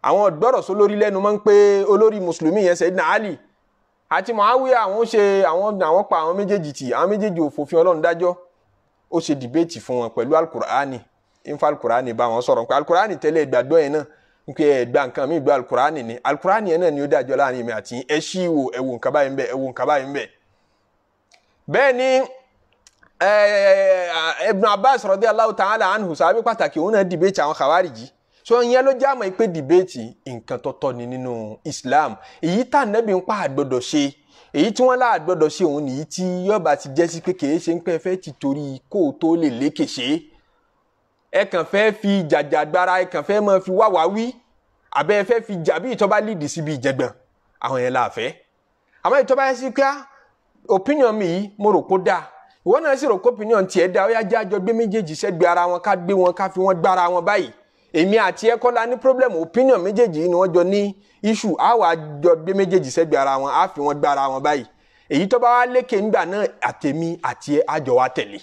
àwọn ọ̀gbọ́rọ̀ sólórí lẹ́nu mọ́ ń pé olórí mùsùlùmí yẹn Sayyidina Ali àti Muawiya àwọn ṣe àwọn àwọn pa àwọn méjèèjì tì àwọn méjèèjì ò fòfin Ọlọ́run dájọ́ ó ṣe dìbéètì fún wọn pẹ̀lú alukur'ani nfa alukur'ani bá wọn sọ̀rọ̀ pé alukur'ani tẹ́lẹ̀ ìgbàgbọ́ yẹn náà n pé gba nǹkan mi gba alukur'ani ni alukur'ani yẹn náà ni ó dájọ́ láàrin mi àti ẹ ṣí wo ẹ wo nǹkan báyìí ń bẹ ẹ wo nǹkan báyìí ń bẹ. bẹ́ẹ̀ ni Ibn Abbas radiyallahu ta'ala anhu sàbí pàtàkì òun náà dìbéètì àwọn khawariji so ìyẹn ló jẹ́ àmọ́ pé dìbéètì nǹkan tọ́tọ́ ni nínú Islam èyí tá nẹ́bí ń pa àgbọ̀dọ̀ ṣe èyí tí wọ́n láà gbọ́dọ̀ ṣe òun nìyí tí yọba ti jẹ́ sí pé kìí ṣe ń pẹ́ fẹ́ ti torí kó o tó lè lékè ṣe ẹ kàn fẹ́ fi jàjàgbara ẹ kàn fẹ́ máa fi wáwá wí àbẹ́ ẹ fẹ́ fi jà bí ìtọ́ bá síbi ìjẹgbọ̀n àwọn yẹn láàfẹ́ àmọ́ ìtọ́ bá yẹ pé ah, opinion mi yìí mo rò kó dáa ìwọ náà sì rò kó opinion tiẹ̀ dáa ó yá jẹ́ àjọ méjèèjì sẹ́gbẹ̀ẹ́ ara wọn ká gbé wọn ká fi wọn gbára wọn báyìí èmi àti ẹkọ la ní problem opinion méjèèjì ni wọ́n jọ ní issue àwọn àjọ gbé méjèèjì sẹ́gbẹ̀ẹ́ ara wọn á fi wọn gbá ara wọn báyìí èyí tó bá wá lékè ńgbà náà àtèmi àti ẹ àjọ wa tẹ̀lé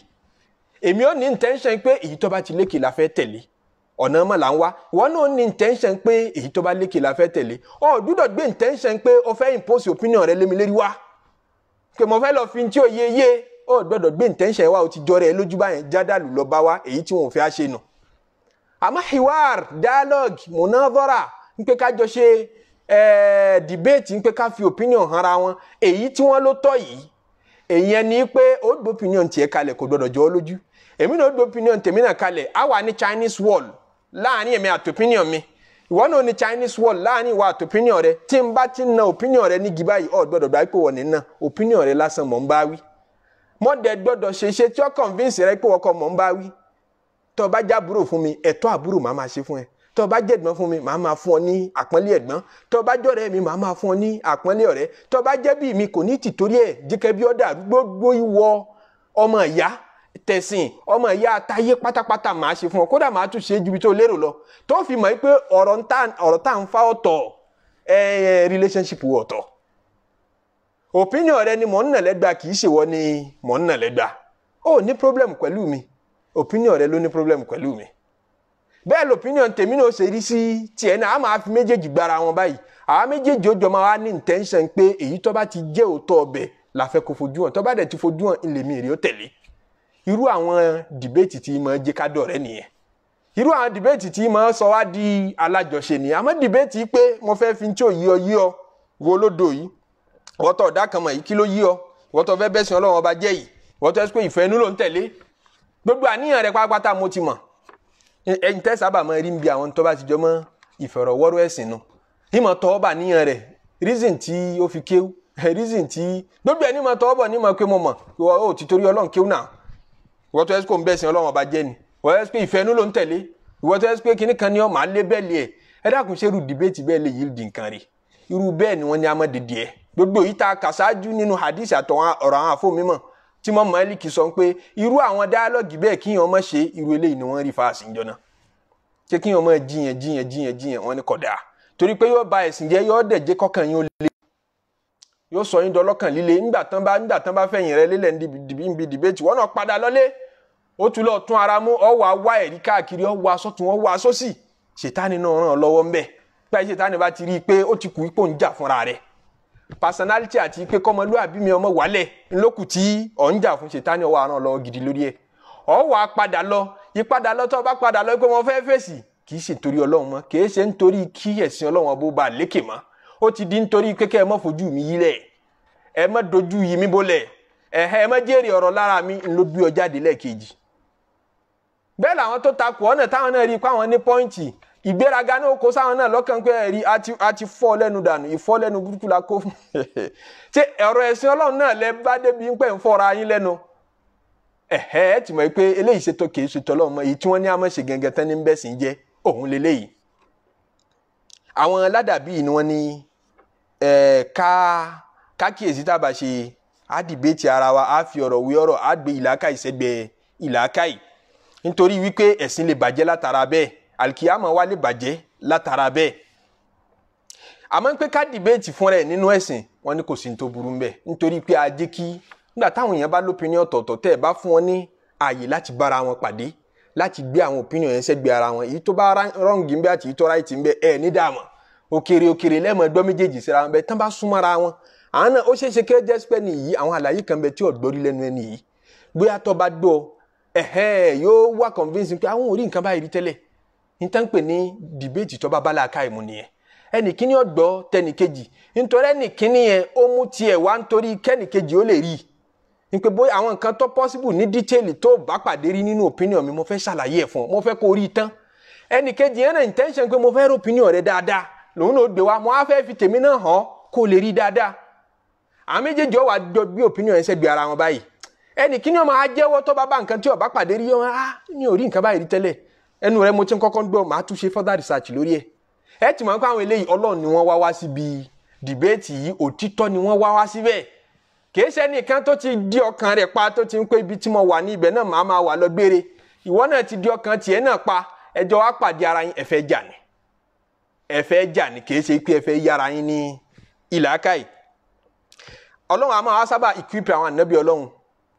èmi ò ní intention pé èyí tó bá ti lékè la fẹ́ tẹ̀lé ọ̀nà ọmọ là ń wá wọn náà ní intention pé èyí tó bá lékè la fẹ́ tẹ̀lé ọ dúdọ̀ gbé intention pé o fẹ́ impose opinion rẹ lémi lérí wá pé mo fẹ́ lọ fi tí ò yé ọ gbọ́dọ̀ gbé intention wa o ti jọ rẹ lójú báyẹn jádàlú lọ bá wa èyí tí wọn ò fẹ́ á ṣe àmọ́ hiwar dialogue munadhara ń pé kájọ eh, debate fi opinion hàn ra wọn Eyi tí wọ́n ló tọ́ yìí èyí ẹni pé ó gbé opinion tiẹ̀ kalẹ̀ kò gbọdọ̀ jọ ọ́ lójú èmi náà ó opinion tèmi náà kalẹ̀ á wà ní Chinese wall láàrin èmi àti opinion mi ìwọ náà Chinese wall láàrin ìwà àti opinion rẹ tí n bá na opinion rẹ ni na opinion rẹ lasan mọ̀ ń bá wí mọ̀dẹ̀ gbọdọ̀ ṣe ṣe tí ó convince tó bá jábúrò fún mi ẹ̀tọ́ àbúrò màá máa ṣe fún ẹ tó bá jẹ̀gbọ́n fún mi màá máa fún ọ ní àpọ́nlé ẹ̀gbọ́n tó bá jọ̀rẹ́ mi màá máa fún ọ ní àpọ́nlé ọ̀rẹ́ tó bá jẹ́bí mi kò ní tìtorí ẹ̀ jíkẹ́ bí ọ̀dà gbogbo ìwọ ọmọ ìyá tẹ̀sìn ọmọ ìyá àtayé pátápátá màá ṣe fún ọ kódà màá tún ṣe ju ibi tó lérò lọ tó fi mọ̀ pé ọ̀rọ̀ tá à ń fa ọ̀tọ̀ relationship ọ̀tọ̀ opinion rẹ ni mò ń nà lẹ́gbàá kì í ṣèwọ ni mò ń ó ní problem pẹ̀lú mi opinion rẹ ló ní problem pẹ̀lú mi bẹ́ẹ̀ l'opinion tèmi náà ṣe rí sí tiẹ̀ náà a máa fi méjèèjì gbára wọn báyìí àwa méjèèjì ó jọ máa wá ní intention pé èyí tó bá ti jẹ́ òótọ́ ọbẹ̀ la fẹ́ kó fojú hàn tó bá dẹ̀ ti fojú hàn ilé mi rè ó tẹ̀lé irú àwọn dìbéètì tí mo jẹ́ ká dọ̀rẹ́ nìyẹn irú àwọn dìbéètì tí mo sọ wá di alájọṣe nìyẹn àmọ́ dìbéètì pé mo fẹ́ fi tí ò yí ọ yí ọ wo lódò yìí wọ́tọ̀ ọ̀dà kan mọ̀ yìí kí ló yí ọ wọ́tọ̀ fẹ́ bẹ́sìn ọlọ́run ọba jẹ́ yìí wọ́tọ̀ ẹ gbogbo àníyàn rẹ pátápátá mo ti mọ̀ ẹ̀yin tẹ́ sábà máa rí bí àwọn tó bá ti jọ mọ́ ìfọ̀rọ̀wọ́rọ̀ ẹ̀sìn nu ìmọ̀ tọ́ bà níyàn rẹ̀ reason tí ó fi kéwú reason tí gbogbo ẹ̀ ní mọ̀ tọ́ bọ̀ ní mọ̀ pé mo mọ̀ wọ́n ò ti torí ọlọ́run kéwú náà wọ́n tó ẹ́ sùkò ń bẹ̀sìn ọlọ́run ọba jẹ́ ni wọ́n ẹ́ sùkò ìfẹ́ inú ló ń tẹ̀lé wọ́n tó ẹ́ sùkò kíní kan ní ọmọ alẹ́ bẹ́ẹ̀ lé ẹ̀ ẹ dákun ṣe irú dìbẹ́tì bẹ́ẹ̀ lè yí di nǹkan rẹ̀ irú bẹ́ẹ̀ ni wọ́n ní amọ̀ dìde ẹ̀ gbogbo yìí ta kàṣáájú nínú hadith àtọ̀rọ̀ àwọn àfọ̀ mímọ̀ tí mọ́ Málíkì sọ pé irú àwọn dáálọ́gì bẹ́ẹ̀ kí wọ́n mọ̀ ṣe irú eléyìí ni wọ́n rí fáàsì ń jọ́nà ṣé kí wọ́n mọ̀ jiyàn jiyàn jiyàn jiyàn wọ́n ní kódà torí pé yóò ba ẹ̀sìn jẹ́ yóò dẹ̀ jẹ́ kọ́kàn yín ó lé yóò sọ yín dọlọ́kàn líle ńgbà tán bá ńgbà tán bá fẹ̀yìn rẹ lélẹ̀ níbi dìbẹ́tì wọ́n náà padà lọ́lé ó tún lọ tún ara mú ọwọ́ awá ẹ̀rí káàkiri ọwọ́ asọ́tún ọwọ́ asọ́sì ṣètánì náà ràn lọ́wọ́ ńbẹ̀ pé ṣètánì bá ti rí i pé ó ti kù ipò ń jà fúnra rẹ̀ personality àti pé kọ́mọlúwàbí mi ọmọ wálẹ̀ ńlọ́kù tí ọ̀ fún ṣètánì ọwọ àrùn lọ gidi lórí ẹ. ọ̀ wà padà lọ ìpadà lọ tó bá padà lọ pé wọ́n fẹ́ fèsì kì í ṣe torí ọlọ́run mọ́ kì í ṣe nítorí kí ti di nítorí kékè ẹ mi ẹ dojú yìí mi ẹ mi ló gbé làwọn tó takò táwọn náà rí ní ìgbéraga náà kó sáwọn náà lọ́kàn pé ẹ̀rí a ti fọ́ lẹ́nu dànù ìfọ́ lẹ́nu burúkú la kó ṣe un ṣé ọ̀rọ̀ ẹ̀sìn ọlọ́run náà lẹ bá débi ń pẹ́ ń fọ́ra yín lẹ́nu ẹ̀hẹ́ ẹ̀ tì pé eléyìí ṣètò kìí ṣètò ọlọ́run mọ́ èyí tí wọ́n ní àmọ́ ṣe tán ní òun àwọn ni wọ́n ní ká kákìyèsí tábà ṣe á dìbẹ́tì ara wa á fi ọ̀rọ̀ wí ọ̀rọ̀ á gbé ìlàkàì sẹ́gbẹ̀ẹ́ ìlàkàì alikiyama wa lè bàjẹ́ látara bẹ́ẹ̀ àmọ́ pé ká dìbéètì fúnra ẹ̀ nínú ẹ̀sìn wọn ni kò sí ní tó burú mbẹ̀ nítorí pé a jẹ́ kí nígbà táwọn èèyàn bá lópinion ọ̀tọ̀ọ̀tọ̀ tẹ́ ẹ̀ bá fún wọn ní ààyè láti bára wọn pàdé láti gbé àwọn opinion yẹn ara wọn èyí tó bá rọ́ǹgì ńbẹ àti èyí tó ráìtì ẹ̀ ní dààmú òkèrè òkèrè lẹ́mọ̀ méjèèjì síra wọn tán bá wọn bóyá tó bá gbọ́ níta ni pè ní dìbéètì tó bá bá làákà ìmú nìyẹn ẹnìkíní ọgbọ tẹnìkejì nítorí ẹnìkíní yẹn ó mú tiẹ̀ wá nítorí kẹnìkejì ó lè rí i pé bóyá àwọn nǹkan tó pọ́sibù ní dítẹ́ẹ̀lì tó bá pàdé rí nínú opinion mi mo fẹ́ ṣàlàyé ẹ̀ fún ọ mo fẹ́ kó rí i tán ẹnìkejì yẹn náà intention pé mo fẹ́ rí opinion rẹ dáadáa lòun náà gbé wa mo á fẹ́ fi tèmi náà hàn kó lè rí dáadáa àwọn méjèèjì ọwà jọ bí opinion yẹn sẹ́gbẹ̀ẹ́ ara wọn báyìí ẹnìkíní ọmọ ajẹ́wọ́ tó bá bá nǹkan tí ó bá pàdé wọn á ah, mi ò rí nǹkan báyìí rí ẹnu rẹ mo ti ń kọ́kọ́ ń gbọ́ màá tún ṣe further research lórí ẹ̀ ẹ ti mọ̀ pé àwọn eléyìí ọlọ́run ni wọ́n wá wá síbi dìbẹ́ẹ̀tì yìí òtítọ́ ni wọ́n wá wá síbẹ̀ kìí ṣe ẹnìkan tó ti di ọkàn rẹ̀ pa tó ti ń pé ibi tí mo wà ní ibẹ̀ náà màá máa wà lọ gbére ìwọ náà ti di ọkàn tiẹ̀ náà pa ẹjọ́ wá pàdé ara yín ẹ̀fẹ́ jà ní ẹ̀fẹ́ jà ní kìí ṣe pé ẹ̀fẹ́ yára yín ní ìlàkàyè ọlọ́run àmọ́ àwọn sábà equip àwọn ànábì ọlọ́run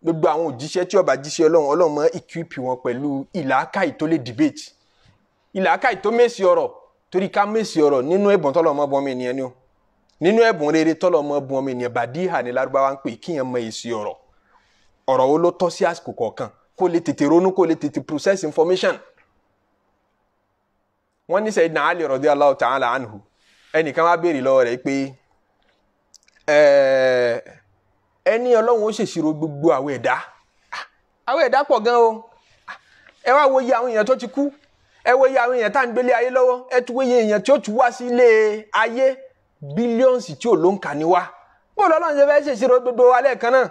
gbogbo àwọn òjíṣẹ́ tí ó bá jíṣẹ́ ọlọ́run ọlọ́run mọ́ equip wọn pẹ̀lú ìlàákàyè tó lè debate ìlàákàyè tó mèsì ọ̀rọ̀ torí ká mèsì ọ̀rọ̀ nínú ẹ̀bùn tọ́lọ́mọ bọ́mọ ènìyàn ni o nínú ẹ̀bùn rere tọ́lọ́mọ bọ́mọ ènìyàn bàdíhà ní lárúbáwá ń pè kíyàn mọ èsì ọ̀rọ̀ ọ̀rọ̀ wo ló tọ́ sí àsìkò kọ̀ọ̀kan kó lè tètè ronú kó lè tètè process information wọ́n ní Sayyidina Ali radiyallahu ta'ala anhu ẹnìkan wá béèrè lọ́wọ́ rẹ̀ pé ẹ̀ẹ́ ẹni ọlọ́run ó ṣèṣirò gbogbo àwọn ẹ̀dá àwọn ẹ̀dá pọ̀ gan o ẹ wá wo iye àwọn èèyàn tó ti kú ẹ wo iye àwọn èèyàn tá à ń gbélé ayé lọ́wọ́ ẹ tún iye èèyàn tí ó wá sí ilé ayé bílíọ̀nsì tí ò ló ń kà ní bó lọ́lọ́run gbogbo wa lẹ́ẹ̀kan náà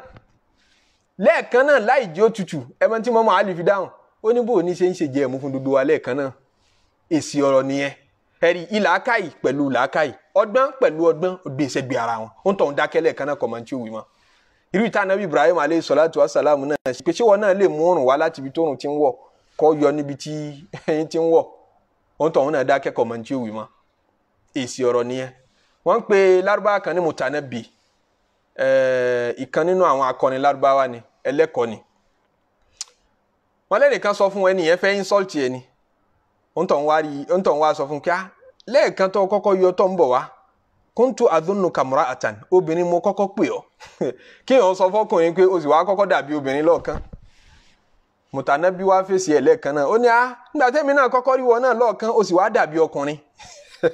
lẹ́ẹ̀kan náà láì jẹ́ òtútù ẹ mọ tí mo fi dáhùn ó ní bò ní ṣe ń ẹ̀mú fún gbogbo wa lẹ́ẹ̀kan náà ara wọn ó ń tọ̀hún irú ìta anabi ibrahim aleyhi salatu wa salam náà pé ṣé wọn náà lè mú òrùn wá láti ibi tó òrùn ti ń wọ̀ kó yọ níbi tí ẹyin ti ń wọ̀ ó ń tọ̀ náà dá akẹ́kọ̀ọ́ mọ̀ ní tí ó èsì ọ̀rọ̀ nìyẹn wọ́n ń pe lárúbáwá kan ní mutanabi ìkan nínú àwọn akọni lárúbáwá ni ẹlẹ́kọ̀ọ́ ni wọ́n lẹ́nìkan sọ fún ẹnìyẹn fẹ́ insult ẹni ó ń tọ̀ wá sọ fún kí á ah, lẹ́ẹ̀kan tó kọ́kọ́ yọ tó ń bọ̀ wá kóńtù adúnnù kàmúrà àtàn obìnrin mo kọ́kọ́ pè ọ́ kéèyàn sọ fọkùnrin pé o sì wá kọ́kọ́ dàbí obìnrin lọ́ọ̀kan mùtànábí wàá fèsì ẹ̀ lẹ́ẹ̀kan ó ní a nígbà tẹ́mi náà kọ́kọ́ náà lọ́ọ̀kan o sì wá dàbí ọkùnrin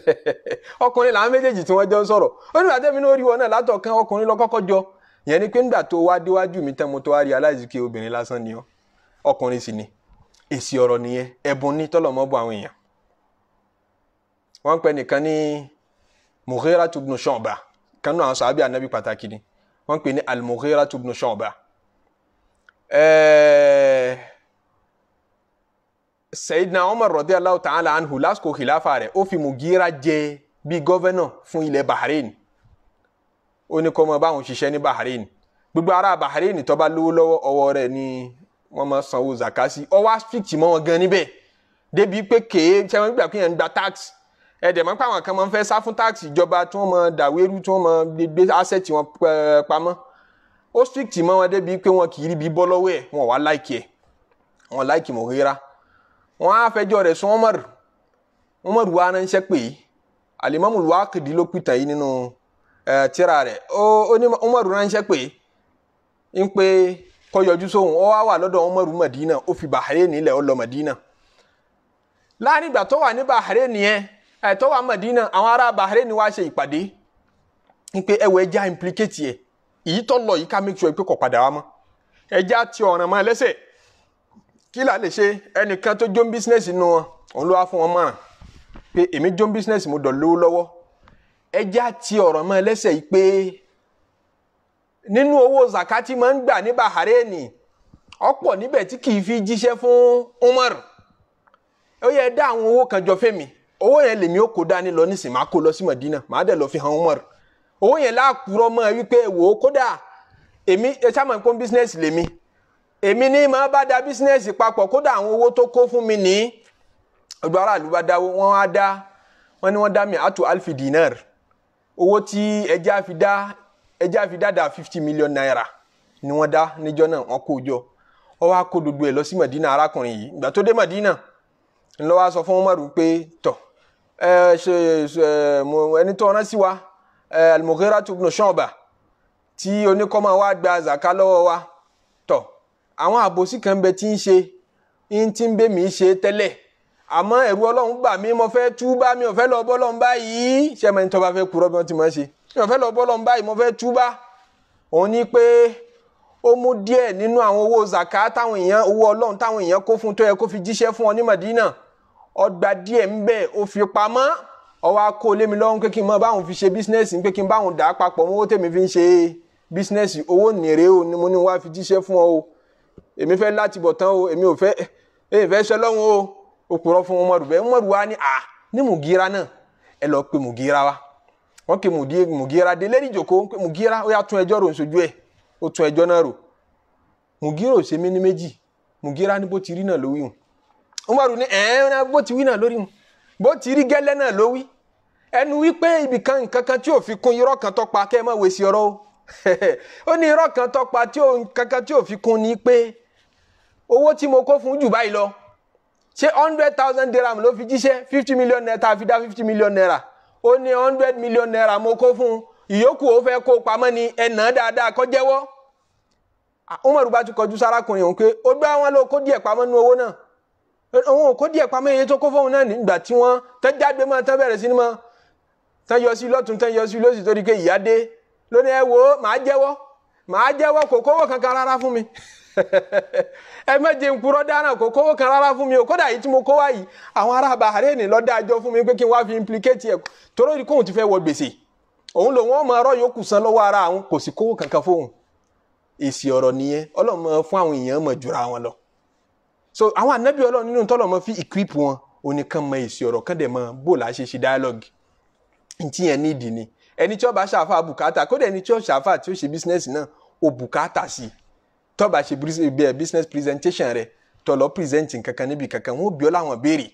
ọkùnrin làwọn méjèèjì tí wọ́n jọ ń sọ̀rọ̀ ó nígbà tẹ́mi náà rí wọn náà látọ̀kan ọkùnrin lọ kọ́kọ́ jọ ìyẹn ni pé nígbà tó wá mi tó wá aláìsíkè obìnrin lásán ni wọ́n pè ní al-Mughira ibn Shu'ba ẹ̀ẹ́ Sayyidina Umar radiyallahu ta'ala anhu lásìkò kìláfà rẹ̀ ó fi Mughira jẹ bí gọ́vẹ́nà fún ilẹ̀ Bahrain ó ní kó máa báwọn ṣiṣẹ́ Bahrain gbogbo ará Bahrain tó bá lówó lọ́wọ́ ọwọ́ rẹ̀ ni wọ́n máa sanwó zakasi ọwọ́ strict mọ́ wọn gan níbẹ̀ débi pé kéé ṣẹ́wọ́n gbà pé yẹn gba tax ẹ̀dẹ̀ mọ́ pé àwọn kan máa ń fẹ́ sá fún ìjọba tí wọ́n mọ dàwérú tí wọ́n mọ gbé ásẹ̀tì wọn eh, pamọ́ ó strict mọ́ wọn débi pé wọn kì í ríbi bọ́ lọ́wọ́ ẹ̀ wọn wá láìkì ẹ̀ wọn láìkì mọ̀ rírà wọn á fẹjọ́ rẹ̀ sún wa ránṣẹ́ pé alimami yi ló pìtàn yìí nínú eh, tírà rẹ̀ ó ní Umar ránṣẹ́ pé ń ẹ̀tọ́ wa Madina àwọn ará Bahrain ni wàá ṣe ìpàdé pé ẹwọ ẹja implicate yẹ èyí tó lọ yìí ká make sure pé kò padà wá mọ́ ẹja ti ọ̀ràn mọ́ lẹ́sẹ̀ kí là lè ṣe ẹnìkan tó jó business nù wọn òun ló wá fún wọn mọ̀ràn pé èmi jó business mo dọ̀ lówó lọ́wọ́ ẹja ti ọ̀ràn mọ́ lẹ́sẹ̀ yìí pé nínú owó zakati máa ń gbà ní Bahrain ọ̀pọ̀ níbẹ̀ tí kì í fi jíṣẹ́ fún Umar ó yẹ dá àwọn owó kan jọ fẹ́mi owó yẹn lèmi ó kó dání lọ nísìnyí máa kó lọ sí Madina máa dẹ̀ lọ fi hàn Umar owó yẹn láàkúrọ̀ mọ́ ẹ wípé wò ó kódà èmi ẹ sáà máa ń kó bísínẹ́sì lèmi èmi ní máa bá da bísínẹ́sì papọ̀ kódà àwọn owó tó kó fún mi ní ọdún aráàlú bá dáwó wọ́n á dá wọ́n ní wọ́n dá mi àtò alfi dinar owó tí ẹjẹ́ àfi dá ẹjẹ́ àfi dá dá fifty million naira ni wọ́n dá níjọ́ náà wọ́n kó jọ wọ́n wá kó gbogbo ẹ̀ lọ sí Madina arákùnrin yìí ìgbà tó dé Madina ńlọ́wọ́ sọ fún Umaru pé tọ̀ ẹ ṣe ẹ mo ẹni tó rán sí wa ẹ Al-Mughira ibn Shu'ba tí oníkọ́mọ wa gba zaka lọ́wọ́ wa tọ̀ àwọn àbòsí kan bẹ tí ń ṣe ń tí ń bẹ mí ṣe tẹ́lẹ̀ àmọ́ ẹ̀rù ọlọ́run bà mí mo fẹ́ túbá mi ò fẹ́ lọ bọ́lọ́run báyìí ṣẹ́mi ẹni tó bá fẹ́ kúrọ́ bí wọ́n ti máa ṣe mi ò fẹ́ lọ bọ́lọ́run báyìí mo fẹ́ túbá òun ni pé ó mú díẹ̀ nínú àwọn owó zaka táwọn èèyàn owó ọlọ́run táwọn èèyàn kó fún tó yẹ kó fi jíṣẹ́ fún ọ ní Madina ọgbà díẹ̀ ń bẹ̀ ó fi pamọ́ ọwọ́ akó lémi lọ́rùn pé kí n mọ báwọn fi ṣe bísínẹ́sì pé kí n báwọn dà á papọ̀ mọ́ owó tèmi fi ń ṣe bísínẹ́sì owó nìrè o ni mo ní wá fi jíṣẹ́ fún ọ o èmi fẹ́ láti bọ̀ tán o èmi ò fẹ́ èmi fẹ́ ṣe lọ́hùn o òpùrọ̀ fún Umaru bẹ́ẹ̀ Umaru wa ni à ní Mugira náà ẹ lọ pe Mugira wa wọ́n ké Mugira délé níjòkó pé Mugira ó yà tún ẹjọ́ rò nsojú ẹ̀ ó tún ẹjọ́ náà rò Mugira ò ṣe mí ní méjì Mugira ní bó ti rí náà lówí Umaru ní ẹ̀ẹ́n bó ti wí náà lórí mu bó ti rí gẹ́lẹ́ náà ló wí ẹnu wípé ibìkan nǹkan kan tí ò fi kún irọ́ kan tọ́pa kẹ́ ẹ má wèsì ọ̀rọ̀ o ó ní irọ́ kan tọ́pa tí nǹkan kan tí ò fi kún ni pé owó tí mo kó fún jù báyìí lọ ṣé hundred thousand dirham ló fi jíṣẹ́ fifty million naira tá fi dá fifty million naira ó ní hundred million naira mo kó fún un ìyókù ó fẹ́ kó pamọ́ ni ẹ̀nà dáadáa kó jẹ́wọ́ Umaru bá tún kọjú sárakùnrin òun pé ó gbá wọn ló díẹ̀ pamọ́ nínú owó náà òun kò díẹ̀ pamọ́ iye tó kó fóun náà nígbà tí wọ́n tẹ́ jáde mọ́ tẹ́ bẹ̀rẹ̀ sí ni mọ́ tẹ́ yọ sí lọ́tún tẹ́ yọ sí lọ́sì torí pé ìyá dé lónìí ẹ wò màá jẹ́wọ́ màá jẹ́wọ́ kò kówó kankan rárá fún mi ẹ méje dáná kò kówó kan rárá fún mi o kódà yìí tí mo kó wá yìí àwọn ará lọ́dá fún mi pé kí n wá fi implicate ẹ̀ ti fẹ́ wọ gbèsè òun lòun ọmọ san lọwọ ara àwọn kò kówó kankan fóun èsì nìyẹn so àwọn ànábì Ọlọ́run nínú tọ́lọ̀ mọ́ fi equip wọn onìkan mọ èsì ọ̀rọ̀ kan dẹ̀ mọ bó la ṣe ṣe dialogue ntí yẹn ní ìdí ni ẹni tí ó bá ṣàfà bùkátà kódà ẹni tí ó ṣàfà tí ó ṣe business náà ó bùkátà sí i tó ṣe business presentation rẹ̀ tó lọ present nǹkankan níbi kankan wọn ò bí ọ láwọn béèrè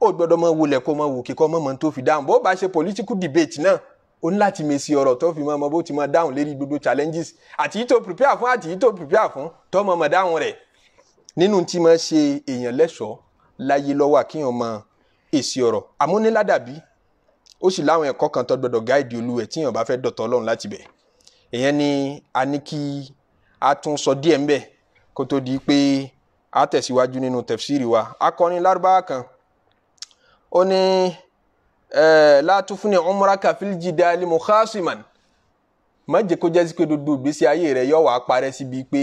ó gbọ́dọ̀ mọ wulẹ̀ kó mọ wò kíkọ mọ mọ tó fi dáhùn bó bá ṣe political debate náà o ní láti mèsì ọ̀rọ̀ tó fi mọ ọmọ bó ti mọ dáhùn lérí gbogbo challenges àti tó prepare fún àti tó prepare fún tó mọ mọ dáhùn rẹ̀ nínú tí máa ṣe èèyàn lẹ́ṣọ̀ọ́ láyé lọ́wọ́ àkíyàn mọ èsì ọ̀rọ̀ àmúniládàbí ó sì láwọn ẹ̀kọ́ kan tó gbọdọ̀ gáìdì olúwẹ̀ tíyàn bá fẹ́ dọ̀tọ̀ ọlọ́run láti bẹ̀ ìyẹn ni a ní kí a tún sọ díẹ̀ ńbẹ̀ kó tó di pé a tẹ̀síwájú nínú tẹ̀fsíìrì wa akọrin lárúbáwá kan ó ní látúfúnni umraka filjidali mukhasiman má jẹ́ kó jẹ́ sí pé gbogbo ìgbésí ayé rẹ̀ yọ̀ wá parẹ́ síbi pé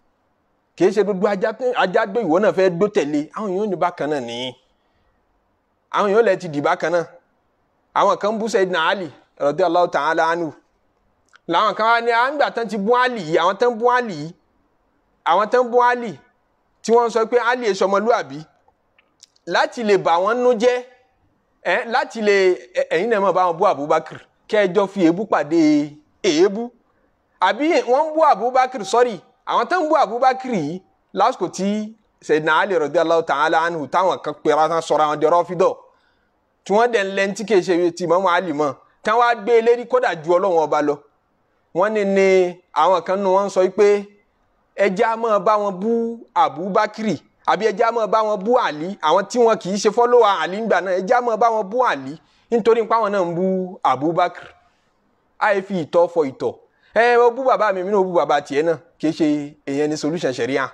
kì í ṣe gbogbo ajá gbé ìwọ náà fẹ́ gbó tẹ̀lé àwọn èèyàn ní bákan náà nìyí àwọn èèyàn lẹ ti dì bákan náà àwọn kan bú Sayyidina Ali radiyallahu ta'ala anhu làwọn kan wá ní àǹgbà tán ti bú Ali yìí àwọn tán bú Ali yìí àwọn tán bú Ali tí wọ́n sọ pé Ali èso ọmọlúàbí láti lè bà wọ́n nú jẹ́ ẹ láti lè ẹ̀yin náà mọ̀ bá wọn bú Abubakar kẹjọ fi èébú pàdé èébú àbí wọ́n bú Abubakar sọ́rí àwọn tó ń bú Abubakar yìí lásìkò tí Sayyidina Ali radiyallahu ta'ala anhu táwọn kan pera tán sọ̀rọ̀ àwọn dẹ̀rọ̀ fídọ̀ tí wọ́n dẹ̀ ń lẹ́ni tí kìí ṣe ti Imam Ali mọ́ tán wá gbé eléyìí kódà ju Ọlọ́run ọba lọ wọ́n ní ní àwọn kan nu wọ́n sọ pé ẹja máa bá wọn bú Abubakar àbí ẹja máa bá wọn bú Ali àwọn tí wọn kì ṣe fọ́lọ́wà Ali ńgbà náà ẹja máa bá wọn bú Ali nítorí pé àwọn náà ń bú Abubakar àìfi ìtọ́ fọ ìtọ́ ẹ o bú bàbá mi èmi náà bú bàbá tiẹ̀ náà kì í ṣe èèyàn ní solution ṣẹ̀ríà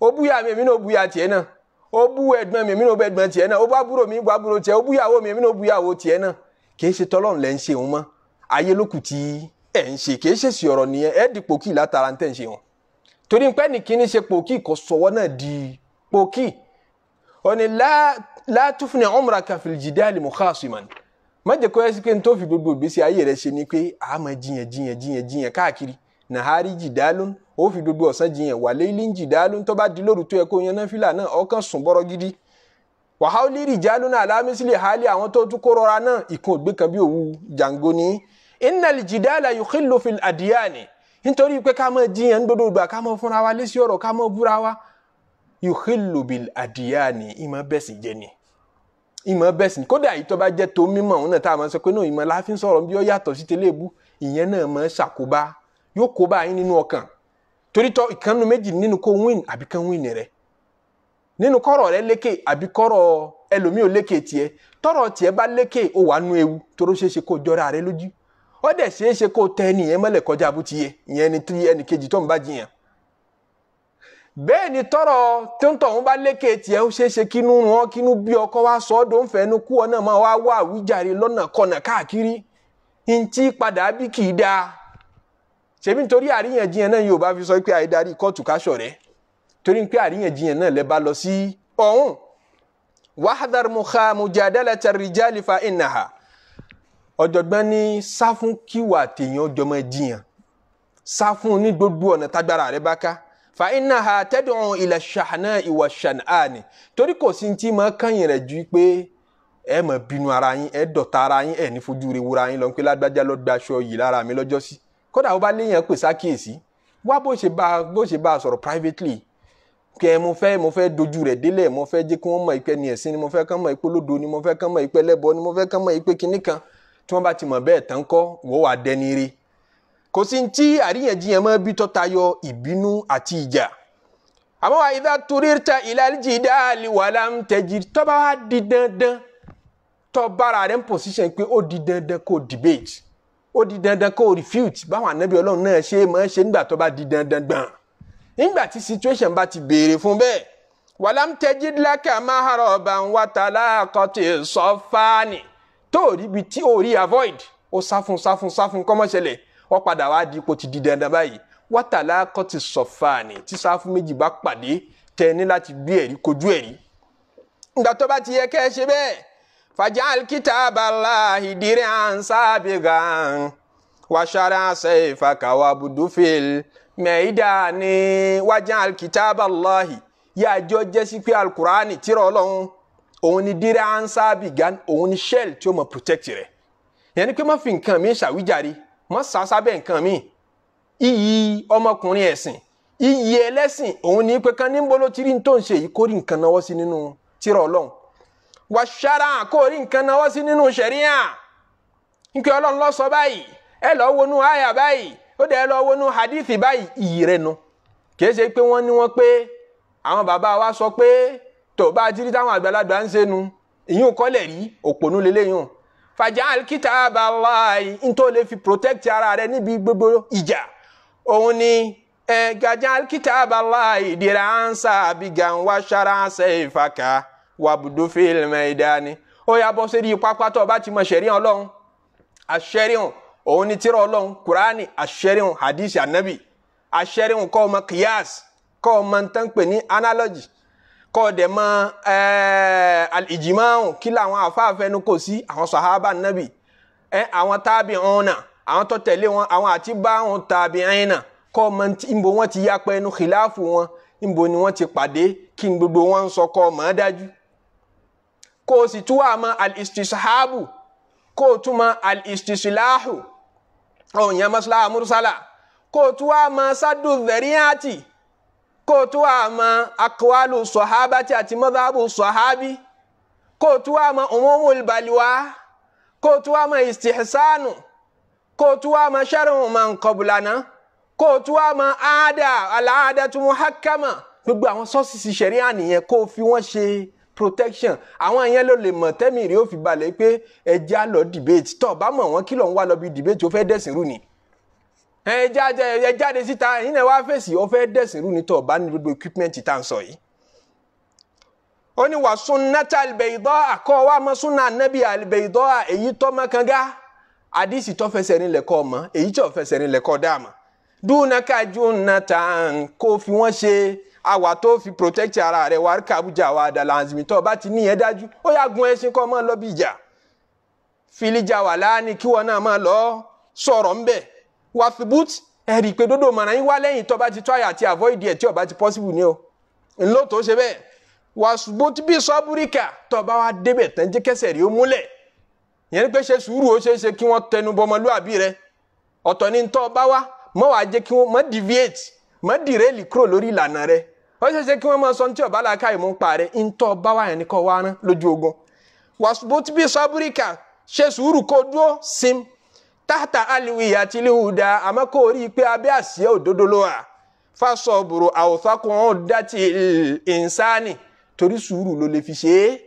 o bú ya mi èmi náà bú ya tiẹ̀ náà o bú ẹ̀gbọ́n mi èmi náà bú ẹ̀gbọ́n tiẹ̀ náà o bú àbúrò mi bú àbúrò tiẹ̀ o bú ìyàwó mi èmi náà bú ìyàwó tiẹ̀ náà kì í ṣe tọ́lọ́run lẹ́ ń ṣe òun mọ́ ayé lókù tí ẹ̀ ń ṣe kì í ṣe sí ọ̀rọ̀ nìyẹn ẹ̀ di pòkì látara ń tẹ̀ ń ṣe wọn torí pé ní kíní ṣe pòkì kò sọ̀wọ́ náà di pòkì ó ní látúfúnni umraka fil jidali mukhasiman ni má jẹ́ kó yẹ sí pé nítorí fi gbogbo ìgbésí ayé rẹ ṣe ni pé a máa jiyàn jiyàn jiyàn jiyàn káàkiri nàhárí jìdálún ó fi gbogbo ọ̀sán jiyàn wà léyìn jìdálún tó bá di lóru tó yẹ kó yan náfìlà náà ọkàn sùn bọ́rọ̀ gidi wàhálì rìjálún alámísílẹ̀ hálì àwọn tó tún kó rọra náà ìkún ògbé kan bí òwú jàǹgó ni innal jìdálà yukhillu fil adiyani nítorí pé ká máa jiyàn gbogbo ìgbà ká máa fúnra wa lé ọ̀rọ̀ ká máa búra wa yukhillu bil adiyani ìmọ̀ bẹ́sì jẹ ni ìmọ̀ bẹ̀sìn kódà yìí tó bá jẹ́ tó mímọ̀ òun náà tá a máa sọ pé náà ìmọ̀ láàfin sọ̀rọ̀ bí ó yàtọ̀ sí tẹ́lẹ̀bù ìyẹn náà máa ṣàkóbá yóò kóbá yín nínú ọkàn torítọ́ ìkànnù méjì nínú kó win àbí kán win rẹ̀ nínú kọ́rọ̀ rẹ lékè àbí kọ́rọ̀ ẹlòmíì ò lékè tiẹ̀ tọ́rọ̀ tiẹ̀ bá lékè ó wà nú ewu toró ṣeéṣe kó jọra rẹ lójú ó dẹ̀ ṣeéṣe kó tẹ ẹnìyẹn mọ́lẹ̀ kọjá bó ti yẹ ìyẹn ẹni tí ẹnì kejì tó ń bá jiyàn bẹ́ẹ̀ ni tọrọ tó ń tọ̀hún bá lékè tiẹ̀ ó ṣeé ṣe kínú wọn kínú bí ọkọ wa sọ ọ́ dòun fẹ́ẹ́ nu kú ọ náà máa wá wá àwíjàre lọ́nà kọ̀nà káàkiri ntí padà bí kì í dáa ṣèbí nítorí àríyànjiyàn náà yóò bá fi sọ pé àìdarí kóòtù káṣọ rẹ torí pé àríyànjiyàn náà lè bá lọ sí ọ̀hún wàhádàr mùkà mùjàdàlà tàrìjàlì fa ìnàhà ọ̀jọ̀gbọ́n ní sáfún kíwà tèèyàn ọjọ́mọ jiyàn sáfún ní gbogbo ọ̀nà tágbára rẹ bá ká fa iná ha tẹ́dùn ilẹ̀ ṣàhánà ìwà ṣàhánà torí kò sí ti máa kàyìn rẹ̀ ju pé ẹ máa bínú ara yín ẹ dọ̀tá ara yín ẹ ní fojú rẹ̀ wúra yín lọ pé lágbájá ló gba aṣọ yìí lára mi lọ́jọ́ sí kódà ó bá léèyàn pè sákìyèsí wá bó ṣe bá bó ṣe bá a sọ̀rọ̀ privately kẹ mo fẹ́ mo fẹ́ dojú rẹ̀ délẹ̀ mo fẹ́ jẹ́ kí wọ́n mọ̀ ìpẹ́ ni ẹ̀sìn ni mo fẹ́ kán mọ̀ ìpẹ́ lódo ni mo fẹ́ kán mọ̀ ìpẹ́ lẹ́bọ ni mo fẹ́ kán mọ̀ ìpẹ́ kinní kan tí wọ́n bá ti mọ̀ bẹ́ẹ̀ tán kọ́ wọ́n wà dẹni rí kò sí ti àríyànjiyàn mọ́ bí tọ́ta yọ ìbínú àti ìjà àmọ́ wa idha turirta ilal jidali walam tajid tọ́ba wa di dandan tọ́ bára rẹ̀ ń position pé ó di dandan kó debate ó di dandan kó refute báwọn ànábì ọlọ́run náà ṣe máa ń ṣe nígbà tó bá di dandan gbọ̀n nígbà tí situation bá ti béèrè fún bẹ́ẹ̀ walam tajid laka mahraban wa talaqati saffani tó rí ibi tí ó rí avoid ó sáfún sáfún sáfún kọ́mọ́ṣẹlẹ̀ wọ́n padà wá di ipò ti di dandan báyìí wátàlá kọ́ ti sọ̀fààní tí sáfù méjì bá pàdé tẹ ní láti gbé ẹ̀rí kojú ẹ̀rí. ìgbà tó bá ti yẹ kẹ́ ẹ ṣe bẹ́ẹ̀ fàjà alikita bala ìdírí ansa bigan wàṣàrà ṣe ìfàkàwà budufil mẹ́ìdáni wàjà alikita bala yíyá jọ jẹ́ sí pé alukurani tírọ̀ ọlọ́run òun ni dírí ansa bigan òun ni shell tí ó mọ̀ protect rẹ̀ yẹn ni pé má fi nǹkan mi ṣàwíjàre mọ́ sàṣàbẹ̀ nǹkan mi iyì ọmọkùnrin ẹ̀sìn iyì ẹlẹ́sìn òun ní pé kan ní bolo tí rí tó ń ṣe yìí kó rí nǹkan náwó sí nínú tírà ọlọ́run wà ṣára kó rí nǹkan náwó sí nínú ṣẹ̀ríà nípa ọlọ́run lọ sọ báyìí ẹ lọ wọnú àyà báyìí ó dẹ̀ lọ wọnú hadithi báyìí iyì rẹ nu kì í ṣe pé wọn ní wọn pé àwọn bàbá wa sọ pé tó bá ti táwọn àgbàlagbà ń ṣe nu ìyún kọ́lẹ̀ rí òpònú lélẹ́yìn fàjáàl kìtàbà láàyè nítorí lè fi protect ara rẹ níbi gbogbo ìjà òun ni ẹ gàjáàl kìtàbà láàyè dìrà ánsà bìgàn wá sára ṣe ìfàkà wà bùdó fílmù ìdání ó yà bọ́ sórí pápá tó o bá ti mọ ṣẹ̀ríàn ọlọ́run àṣẹríhùn òun ni tírà ọlọ́run kùránì àṣẹríhùn hadith anabi àṣẹríhùn kọ́ ọmọ kìyàs kọ́ ọmọ ntánpẹ̀ ní analogy kọ́ dẹ̀ mọ eh, al-ijma'u kí làwọn afáfẹ́nu kò sí àwọn sahaba nabi eh, àwọn tabi'una àwọn tó tẹ̀lé wọn àwọn àti bá wọn tabi'ina kọ́ mọ níbo wọ́n ti yá pẹ́ẹ́nu khilafu wọn níbo ni wọ́n ti pàdé kí n gbogbo wọn sọ kọ́ mọ́ dájú kó o sì tún wà mọ al-istishabu kó o tún mọ al ọ̀hún yẹn mọ́sálà mursala kó o tún wà mọ sádùn zẹ̀ríyàtì kó o tún wá mọ akọwálù sọ̀hábà tí àti mọ́tàbù sọ̀hábì kó o tún wá mọ umumul balwa kó o tún wá mọ istihsanu kó o tún wá mọ shar'u man qablana kó o tún wá mọ àádà al-aadatu muhakkama gbogbo àwọn sọ́ọ̀sì ṣẹ̀ríà nìyẹn kó o fi wọ́n ṣe protection àwọn yẹn ló lè mọ̀ tẹ́mì rí ó fi balẹ̀ pé ẹja lọ debate tó o bá mọ̀ wọ́n kí ló wá lọ bí debate ó fẹ́ dẹ̀sìn rú ni. ẹ jáde ẹ jáde síta ẹ̀yin náà wá fèsì ọ fẹ́ dẹ̀sìn rú nítọ̀ ọba ní gbogbo equipment tá à ń sọ yìí. ó ní wà sunnata àkọ́ wa mọ́ sunna anabi albeidọ́ èyí tọ́ mọ́ kanga àdìsí tọ́ fẹsẹ̀ nílẹ̀ kọ́ mọ́ èyí tí ò fẹsẹ̀ nílẹ̀ kọ́ dá mọ́. dúnàkà kó fi wọ́n ṣe àwà tó fi protect ara rẹ̀ wà kàbújà wà ti dájú wàthbut ẹ̀rí pé dódò mọ̀nà yín wá lẹ́yìn tó bá ti try àti avoid ẹ̀ tí ó ti possible ni o ńlọ tó ṣe bẹ́ẹ̀ wàthbut bí sọ́búríkà tó bá wá débẹ̀ tán jẹ́ kẹsẹ̀ rí ó múlẹ̀ ìyẹn ni pé ṣe sùúrù ó ṣeé ṣe kí wọ́n tẹnu bọmọlúàbí rẹ ọ̀tọ̀ ni tó bá wá mọ́ wàá jẹ́ kí wọ́n mọ́ deviate mọ́ dìrẹ́lì kúrò lórí ìlànà rẹ ó ṣeé ṣe kí wọ́n máa sọ ní tí ọ̀bá làákà ìmú pa rẹ ń tọ́ bá wà yẹn ní kọ́ wá rán lójú ogun wàthbut bí sọ́búríkà ṣe sùúrù kó dúró sim táhàtà aliwiya tí lè wù dá àmọ́ kò rí i pé abẹ́ àṣìyẹ òdodo ló wà suru àwòfákùn dátì ìnsáni torí sùúrù ló lè fi ṣe é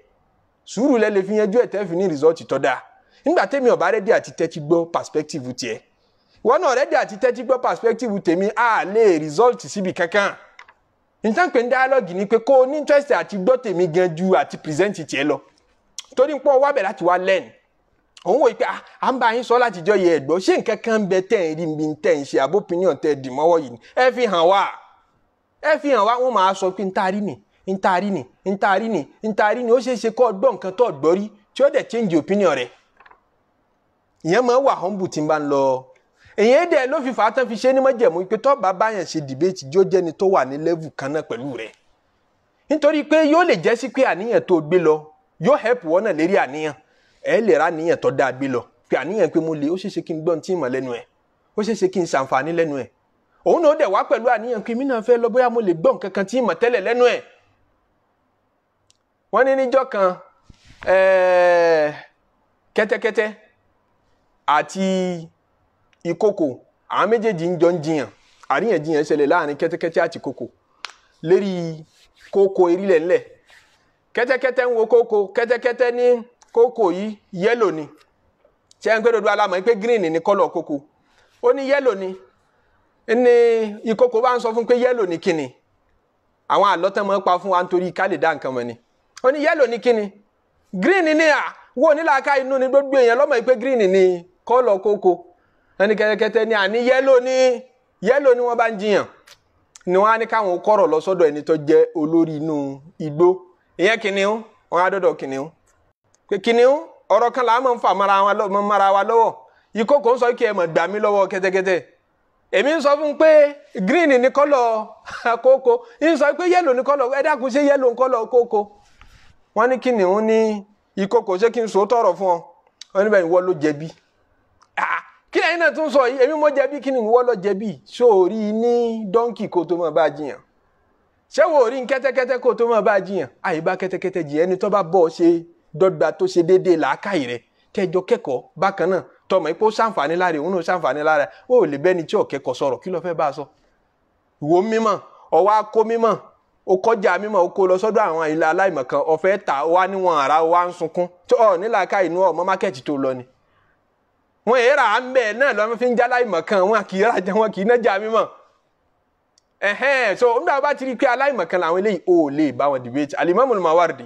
sùúrù lẹ lè fi yanjú ẹ̀ tẹ́fì ní rìsọ́ọ̀tì tó dáa nígbà tẹ́mi ọ̀bá rẹ́dí àti tẹ́tí gbọ́ pàṣpẹ́kítìfù tiẹ̀ wọn náà rẹ́dí àti tẹ́tí gbọ́ pàṣpẹ́kítìfù tèmi á lè rìsọ́ọ̀tì síbi kankan ìtànpẹ̀ ń dáálọ́gì ni pé kó o ní interest àti gbọ́ tèmi gan ju àti pírẹsẹ̀ntì tiẹ̀ lọ torí ń pọ́n wábẹ̀ láti wá lẹ́nu òun wò pé ah, à ń bá yín sọ láti jọ yẹ ẹ̀gbọ́ ṣé nǹkan kan bẹ tẹ̀ ń rí mi tẹ̀ ń ṣe àbó opinion tẹ̀ dì mọ́wọ́ yìí ẹ fi hàn wá ẹ fi hàn wá wọ́n máa sọ pé ntaari nì ntaari nì ntaari nì ntaari nì ó ṣeé ṣe kọ́ gbọ́ nǹkan tó gbọ́ rí tí ó dẹ̀ change opinion rẹ̀ ìyẹn máa wà humble tí n bá ń lọ èyí dẹ̀ ló fi fàá tán fi ṣe ní mọ́jẹ̀mú pé tó bá báyàn ṣe debate jó jẹ́ni tó wà ní level kan náà pẹ̀lú rẹ̀ nítorí pé yóò lè jẹ́ sí pé àníyàn tó gbé lọ yóò help wọ́n náà lérí àníyàn ẹ lè ra níyàn tó dáa gbé lọ pé àníyàn pé mo lè ó ṣeéṣe kí n gbọ́n tí ì mọ̀ lẹ́nu ẹ̀ ó ṣeéṣe kí n ṣàǹfààní lẹ́nu ẹ̀ òun náà dẹ̀ wá pẹ̀lú àníyàn pé mí náà fẹ́ lọ bóyá mo lè gbọ́n kankan tí ì mọ̀ tẹ́lẹ̀ lẹ́nu ẹ̀ wọ́n ní níjọ́ kan kẹ́tẹ́kẹ́tẹ́ àti ìkòkò àwọn méjèèjì ń jọ ń jiyàn àríyànjiyàn ṣẹlẹ̀ láàrin kẹ́tẹ́kẹ́tẹ́ àti kòkò lérí kókó erílẹ̀ ńlẹ̀ kẹ́tẹ́kẹ́tẹ́ ń wo kókó kẹ́tẹ́kẹ́tẹ́ ní. Ni kókò yìí yẹ́lò ni ṣé ń ikpe dodo alámọ̀ pé green ni kọ́lọ̀ kókò ó ní yẹ́lò ni ní ìkókò bá ń sọ fún pé yẹ́lò ni kíni àwọn àlọ́tàn máa pa fún wa nítorí ká nǹkan ni ó ní yẹ́lò ni kíni green ni à wo nílàáká inú ni gbogbo èèyàn lọ́mọ̀ pé green ni kọ́lọ̀ kókò ẹni ni àní ni yẹ́lò ni wọ́n bá ń jiyàn ni wọ́n á ní káwọn ẹni tó jẹ́ olórí inú igbó ìyẹn kìnìún wọn pé kìnìún ọ̀rọ̀ kan làá máa ń fà mara wa lọ́wọ́ ìkókò ń sọ kí ẹ mọ̀ gbà mí lọ́wọ́ kẹ́tẹ́kẹ́tẹ́ èmi ń sọ fún pé green ni kọ́lọ̀ kókó ń sọ pé yẹ́lò ni kọ́lọ̀ ẹ dákun ṣe yẹ́lò ń kọ́lọ̀ kókó wọ́n ní kìnìún ní ìkókò ṣé kí n sọ tọrọ fún ọ wọ́n níbẹ̀ ìwọ ló jẹ̀bi ah, kí ẹ̀yin náà tún sọ yìí èmi mo jẹ̀bi kí ni ìwọ ló jẹ̀bi sóòrí ní dọ́ńkì kó tó máa bá jiyàn ṣé wò kẹ́tẹ́kẹ́tẹ́ kó tó máa bá jiyàn àyíbá kẹ́tẹ́kẹ́tẹ́ jì ẹni tó bá bọ̀ ṣe dọ́gba tó ṣe déédéé làákàyè rẹ tẹ́jọ kẹ́kọ̀ọ́ bákan náà tọmọ ipò sàǹfààní lára òun náà sàǹfààní lára ó lè bẹ́ni tí ọ̀kẹ́kọ̀ọ́ sọ̀rọ̀ kí ló fẹ́ bá a sọ. ìwọ mímọ̀ ọwọ́ akó mímọ̀ o kọjá mímọ̀ o kó lọ sọ́dọ̀ àwọn ilé aláìmọ̀kan ọ̀fẹ́ ta wá níwọ̀n ara wa ń sunkún tí ọ̀ nílàáká inú ọmọ mákẹ́tì tó lọ ni. wọn èyí rà á ń bẹ̀ náà lọ́mọ fi ń já aláìmọ̀kan wọn kì í rajà wọn kì í nájà mímọ̀. ẹ̀hẹ́n so nígbà wọn bá ti rí i pé aláìmọ̀kan làwọn eléyìí ò lè bá wọn debate Al-Imam mawardi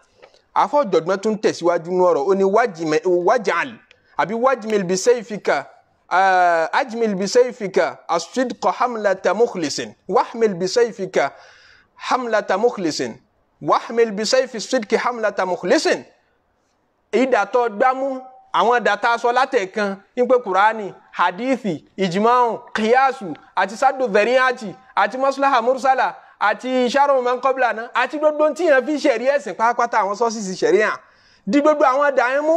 afọjọgbọn tún tẹsíwájú nú ọ̀rọ̀ ó ní wájàl àbí wájìmìl bí sẹyìfìkà ajmil bí sẹyìfìkà asidkọ hamlata mukhlisin wahmil bí sẹyìfìkà hamlata mukhlisin wahmil bí sẹyìfì sidki hamlata mukhlisin ìdàtọ̀ gbámú àwọn data sọ látẹ̀kan nípe kùránì hadithi ìjìmáhùn kíyàsù àti sádò àti mọ́sálàhà múrsálà àti sharon mankobla náà àti gbogbo tí yẹn fi ṣẹ̀rí ẹ̀sìn pátápátá àwọn sọ́sìsì ṣẹ̀rí hàn di gbogbo àwọn ẹ̀dá yẹn mú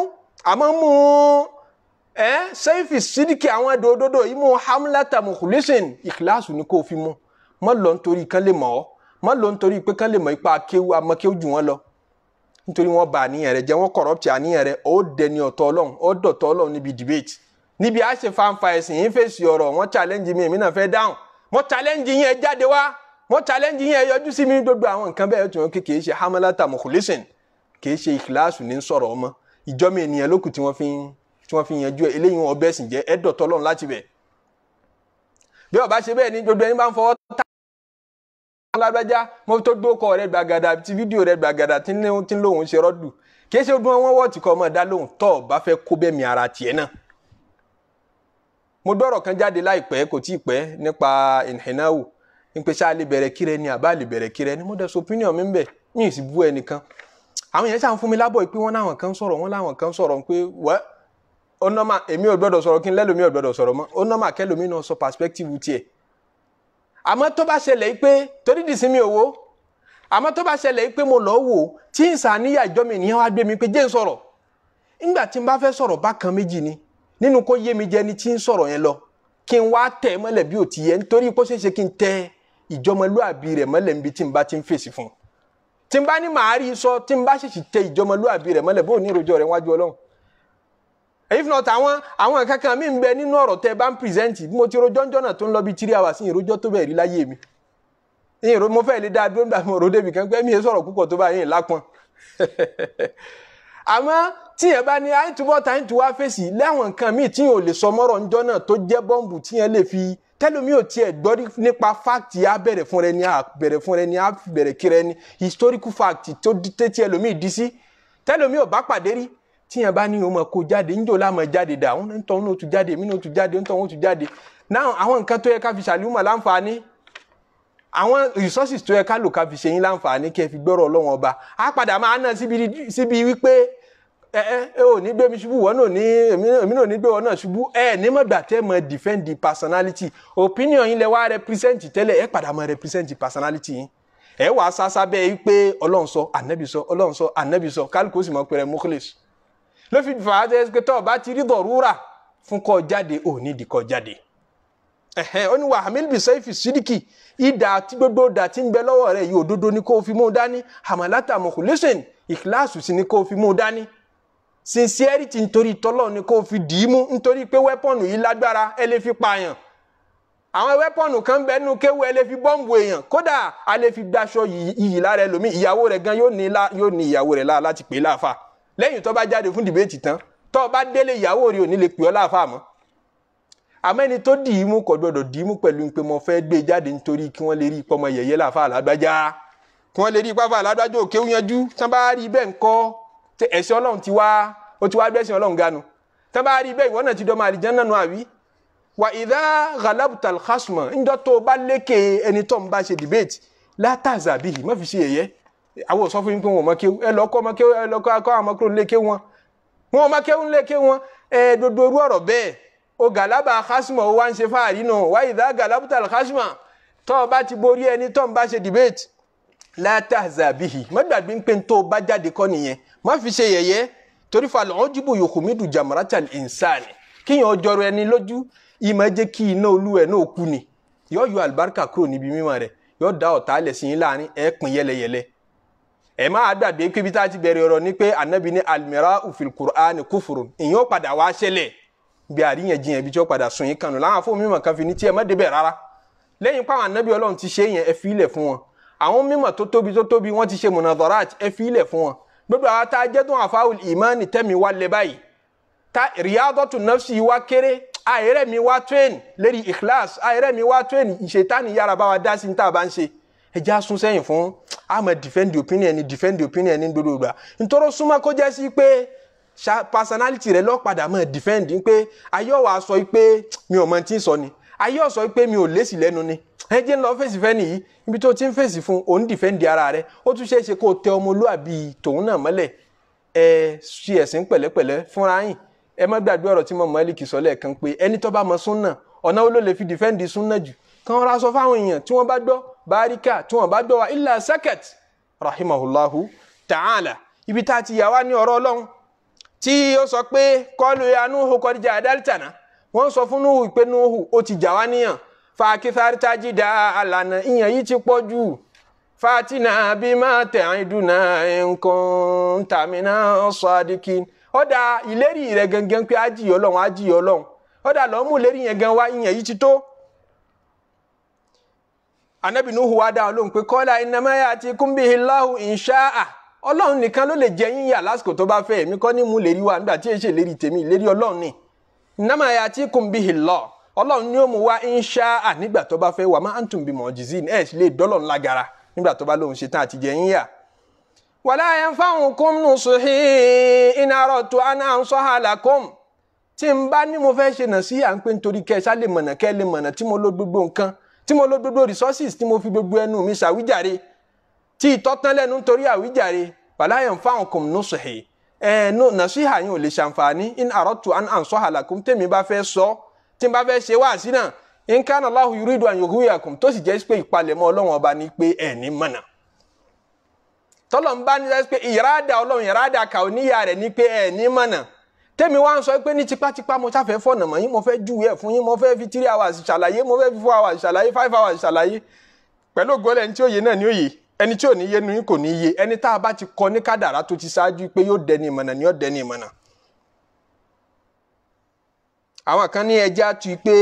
àmọ́ mú ẹ sẹ́yìnfì sídìkì àwọn ẹ̀dá òdodo yìí mú hamlata mukhlisin ìkìláàsù ni kò fi mú mọ́ lọ nítorí kán lè mọ̀ ọ́ mọ́ lọ nítorí pé kán lè mọ̀ ipa akéwu amakéwu jù wọ́n lọ nítorí wọ́n bà àníyàn rẹ jẹ́ wọ́n corrupt àníyàn rẹ ó dẹni ọ̀tọ̀ ọlọ́run ó dọ̀tọ̀ ọlọ́run níbi debate níbi àṣefàǹfà ẹ̀sìn yìí fèsì ọ̀rọ̀ wọ́n challenge mi èmi náà fẹ́ dáhùn mo challenge yín ẹ jáde wá mo challenge yín ẹ yọjú sí mi gbogbo àwọn nǹkan bẹ́ẹ̀ tó yàn kí kìí ṣe hamalata mukhlisin kìí ṣe ìkìláàsù ní sọ̀rọ̀ ọmọ ìjọ́mi ènìyàn lókù tí wọ́n fi tí wọ́n fi yanjú ẹ eléyìí wọn ọbẹ̀ ẹ̀sìn jẹ́ ẹ̀dọ̀ tọ́lọ́run láti bẹ̀. bí ọba ṣe bẹ́ẹ̀ ni gbogbo ẹni bá ń fọwọ́ tá alágbájá mo tó gbókọ rẹ gbàgàdà tí fídíò rẹ gbàgàdà tí ń lóun ṣe rọ́dù kìí ṣe gbọ́n wọn wọ́ọ̀tì kọ́ ọmọ dá lóhùn tọ́ ọ bá fẹ́ kó bẹ́ẹ̀ mi ara tiẹ̀ náà mo gbọ́rọ̀ kan jáde láìpẹ́ kò tí ì pẹ́ nípa ìhìnáwó pé ṣáà lè bẹ̀rẹ̀ kírẹ́ ni àbá lè bẹ̀rẹ̀ kírẹ́ ni mo dẹ̀ sọ opinion mi ń bẹ̀ mi ì sì bú ẹnìkan àwọn yẹn ṣáà ń fún mi lábọ̀ pé wọ́n láwọn kan sọ̀rọ̀ wọ́n láwọn kan sọ̀rọ̀ pé wẹ́ ó nọ́mà èmi ò gbọ́dọ̀ sọ̀rọ̀ kí n lẹ́lòmí ò gbọ́dọ̀ sọ̀rọ̀ mọ́ ó nọ́mà kẹ́lòmí náà sọ perspective tiẹ̀ àmọ́ tó bá ṣẹlẹ̀ pé torí dìsí mi òwò àmọ́ tó bá ṣẹlẹ̀ pé mo lọ́ọ́ wò tí ń sàníyà ìjọ mi nìyẹn wá gbé mi pé jẹ́ ń sọ̀rọ̀ nígbà tí n bá fẹ́ sọ̀rọ̀ bákan méjì ni nínú kó yé mi jẹ́ ni tí ń sọ̀rọ̀ yẹn lọ kí n wá tẹ̀ mọ́lẹ̀ bí ò ti yẹ nítorí pé kí n tẹ́ ẹ ìjọmọlúàbí rẹ̀ mọ́lẹ̀ níbi tí n bá ti ń fèsì fún un tí n bá ní màá rí sọ tí n bá ṣèṣì tẹ ìjọmọlúàbí rẹ̀ mọ́lẹ̀ bóun ní ìròjọ rẹ̀ wájú Ọlọ́run if not àwọn àwọn kankan mi ń bẹ nínú ọ̀rọ̀ tẹ bá ń present mo ti rojọ́ ń jọ́nà tó ń lọ bí three hours ní ìrojọ́ tó bẹ̀rẹ̀ láyé mi ìrò mo fẹ́ lè dá dúró nígbà mo rò débi kan mi ò sọ̀rọ̀ púpọ̀ tó bá yẹn lápọn àmọ́ tí yẹn bá ní àìtúbọ̀ tá à ń wá fèsì lẹ́wọ̀n nǹkan míì tí yẹn ò lè sọ mọ́rọ̀ ń jọ́nà tó jẹ́ bọ́ǹbù tí yẹn lè fi tẹ́lómi ò tiẹ̀ gbọ́rí nípa fáàkì á bẹ̀rẹ̀ fún rẹ ní á bẹ̀rẹ̀ fún rẹ ní á bẹ̀rẹ̀ kí rẹ historical fact tó tẹ́tí ẹlòmí dí sí tẹ́lómi ò bá pàdé rí tíyẹn bá ní ọmọ kó jáde níjó lámọ jáde dà ń tọ́ ń tún jáde mí ń tún jáde ń tọ́ ń tún jáde náà àwọn nǹkan tó yẹ ká fi ṣàlùmọ̀ láǹfààní àwọn resources tó yẹ ká lò ká fi ṣe yín láǹfààní kẹ́ fi gbọ́rọ̀ ọlọ́wọ́n ọba á padà máa ná síbi wípé ẹ ẹ ò ní gbé mi ṣubú wọn náà ní èmi náà ní gbé wọn náà ṣubú ẹ ní mọ̀gbà tẹ́ mọ̀ defend the personality opinion yín lẹ wá represent tẹ́lẹ̀ ẹ padà mọ̀ represent the personality yín ẹ wàá sásá bẹ́ẹ̀ pé ọlọ́run sọ ànábì sọ ọlọ́run sọ ànábì sọ kálukú sì mọ̀ pẹ̀rẹ̀ mọ́kúlẹ̀sì ló fi fà á tẹ́ tọ́ bá ti rí dọ̀rúrà fún kọ́ jáde ò ní di kọ́ jáde ẹ̀hẹ́n ó ní wà hamil bí sẹ́yìn fi sídìkì ìdá tí gbogbo ìdá tí ń bẹ lọ́wọ́ rẹ̀ yìí òdodo ni kó fi mú dání hamalata mọ̀kúlẹ́sìn ìkíláàsù sì ni kó o fi mú dání sincerity nítorí tọ́lọ́ ni kò fi dì í mú nítorí pé wẹ́pọ̀nù yìí lágbára ẹ lè fi pààyàn àwọn wẹ́pọ̀nù kan bẹ́ẹ̀ nínú kéwu ẹ lè fi bọ́ǹbù èèyàn kódà a lè fi gbaṣọ iyì lára ẹlòmíì ìyàwó rẹ̀ gan yóò ní ìyàwó rẹ̀ láà láti pè é láàfà lẹ́yìn tó bá jáde fún dìbẹ́tì tán tó o bá délé ìyàwó rẹ̀ ò ní lè pè ọ́ láàfà mọ́ àmọ́ ẹni tó dì í mú kò gbọdọ̀ dì í mú pẹ̀lú pé mo fẹ́ gbé e jáde nítorí kí wọ́n lè rí ipò ọmọ yẹ̀yẹ́ láfa àlágbájá kí wọ́n lè rí ipò àfa àlágbájá òkè yanjú tán bá rí bẹ́ẹ̀ ńkọ́ ṣe ẹ̀sìn ọlọ́run ti wá o ti wá gbẹ́sìn ọlọ́run ganu tá bá rí bẹ́ẹ̀ ìwọ náà ti dọ́mọ àlìjánná nu àbí wà ìdá ghalabutal khasma ńjọ́ tó o bá lékè ẹni tó ń bá ṣe debate látàzà bíi má fi ṣe yẹ̀yẹ́ àwọn òsọ fún yín pé wọn ò mọ kéwú ẹ lọ ọmọ kéwú ẹ lọ akọ àwọn ọmọkúrò lé wọn wọn ò mọ kéwú lé wọn ẹ dodo orú ọ̀rọ̀ bẹ́ẹ̀ o gàlábà kásímọ o wá ń ṣe fáàrí nù wáyé dá gàlábùtà kásímọ tọ́ ọ bá ti borí ẹni tọ́ ń bá ṣe debate látàzàbíhì mọ́gbàgbé ń pè ń tó o bá jáde kọ́ nìyẹn má fi ṣe yẹ̀yẹ́ torí fa lọ́júbù yòókùmídù jamaratal insani kíyàn ọjọ́rò ẹni lójú ìmọ̀ jẹ́ kí iná olú ẹ̀ náà kú ni yọ yọ àlùbáríkà kúrò níbi mímọ́ rẹ̀ yọ da ọ̀tá alẹ̀ sí yín láàrin ẹ̀ pín yẹlẹyẹlẹ. ẹ máa gbàgbé pé ibi tá a ti bẹ̀rẹ̀ ọ̀rọ̀ ni pé anabi ní almirau fil Qur'ani kufurun ìyẹn padà wá ṣẹlẹ̀ bí àríyànjiyàn ibi tí ó padà sùn yín kanu láwọn fún mímọ̀ kan fi ní tí ẹ má débẹ̀ rárá lẹ́yìn pàwọn anabi ọlọ́run ti ṣe yẹn ẹ fi ilẹ̀ fún wọn àwọn mímọ̀ tó tóbi tó tóbi wọ́n ti ṣe munadharat ẹ fi ilẹ̀ fún wọn gbogbo àwọn tá a jẹ́ tó wà fáwọn ìmánì tẹ́mi wá lẹ báyìí tá riyadatu nafsi wá kéré àìrẹ́ mi wá train lérí ikhlas àìrẹ́ mi wá train ìṣètánì yára bá wa dá sí tá a bá ń ṣe ẹjẹ́ asún sẹ́yìn fún àmọ́ defend the opinion ni defend the opinion ni gbogbo ìgbà nítorí súnmọ́ kó jẹ́ sí pé personality rẹ̀ lọ́ọ́ padà mọ́ defend pé ayọ̀ wàá sọ pé mi ò mọ tí ń sọ ni ayé ọ̀sọ́ pé mi ò lésì lẹ́nu ni ẹ jẹ́ ń lọ fèsì fẹ́ nìyí ibi tó ti ń fèsì fún òun dìfẹ́ǹdì ara rẹ ó tún ṣeé ṣe kó o tẹ ọmọlúàbí tòun náà mọ́lẹ̀ ẹ ṣe ẹ̀sìn pẹ̀lẹ́pẹ̀lẹ́ fúnra yín ẹ má gbàgbé ọ̀rọ̀ tí mo mọ ẹlẹ́kì sọ lẹ́ẹ̀kan pé ẹni tó bá mọ súnà ọ̀nà wo ló lè fi dìfẹ́ǹdì súnà jù kan ra sọ fáwọn èèyàn tí wọ́n bá gbọ́ báríkà tí wọ́n bá gbọ́ wa illa sakat rahimahullahu ta'ala ibi tá a ti yà wá ní ọ̀rọ̀ ọlọ́run tí ó sọ pé kọlu yanu hokọdija adaltana wọ́n sọ fún nuhu pé nuhu ó ti jà wá níyàn àlànà ìyàn yìí ti pọ̀ jù fatina bí má tẹ̀ nǹkan tàmínà sọ ọ̀dà ìlérí rẹ̀ gangan pé ọ̀dà ìlérí yẹn wá ìyàn yìí ti tó anabi nuhu wa dáhùn lóhùn pé kọ́lá innama ya'tikum bihi Allahu nìkan ló lè jẹ yín yà lásìkò tó bá wa nígbà tí èyí nama yatikum bihi Allah ọlọ́run ni ó mú wá insha à nígbà tó bá fẹ́ wà má antum bimujizin ẹ̀ sì lè dọ́lọ̀ ńlá gara nígbà tó bá lóun ṣe tán àti jẹ yín yà. wala yanfa'ukum nusuhi in aradtu an ansaha lakum tí n bá ní mo fẹ́ ṣe nà sí à ń pè nítorí kẹ́ ẹ sá lè mọ̀nà kẹ́ ẹ lè mọ̀nà tí mo lo gbogbo nǹkan tí mo lo gbogbo resources tí mo fi gbogbo ẹnu mi ṣàwíjàre tí ìtọ́tán lẹ́nu nítorí àwíjàre wala yanfa'ukum nusuhi ẹ̀ẹ́nù nàṣíhà yín ò lè ṣàǹfààní in àrọ́tù an àǹsọ́ àlàkùn tèmi bá fẹ́ sọ tí n bá fẹ́ ṣe wáàsí náà in kánà Allahu yuridu an yughwiyakum tó sì jẹ́ pé ìpalẹ̀mọ́ ọlọ́run ọba ni pé ẹ̀ẹ́ni mọ̀nà tọ́lọ̀ ń bá ní sẹ́ pé ìyáradà ọlọ́run kà ó níyà rẹ̀ ni pé ẹ̀ẹ́ni mọ̀nà tèmi wá ń sọ pé ní tipátipá mo sáfẹ́ fọ̀nà mọ́ yín mo fẹ́ júwe hours ṣàlàyé mo fẹ́ fi four hours ṣàlàyé five hours ṣàlàyé pẹ̀lú tí ó ẹni tí ò ní yé nu yín kò ní yé ẹni tá a bá ti kọ ní kádàrá tó ti ṣáájú pé yóò dẹni ìmọ̀nà ni yóò dẹni ìmọ̀nà. àwọn kan ní ẹja tu pé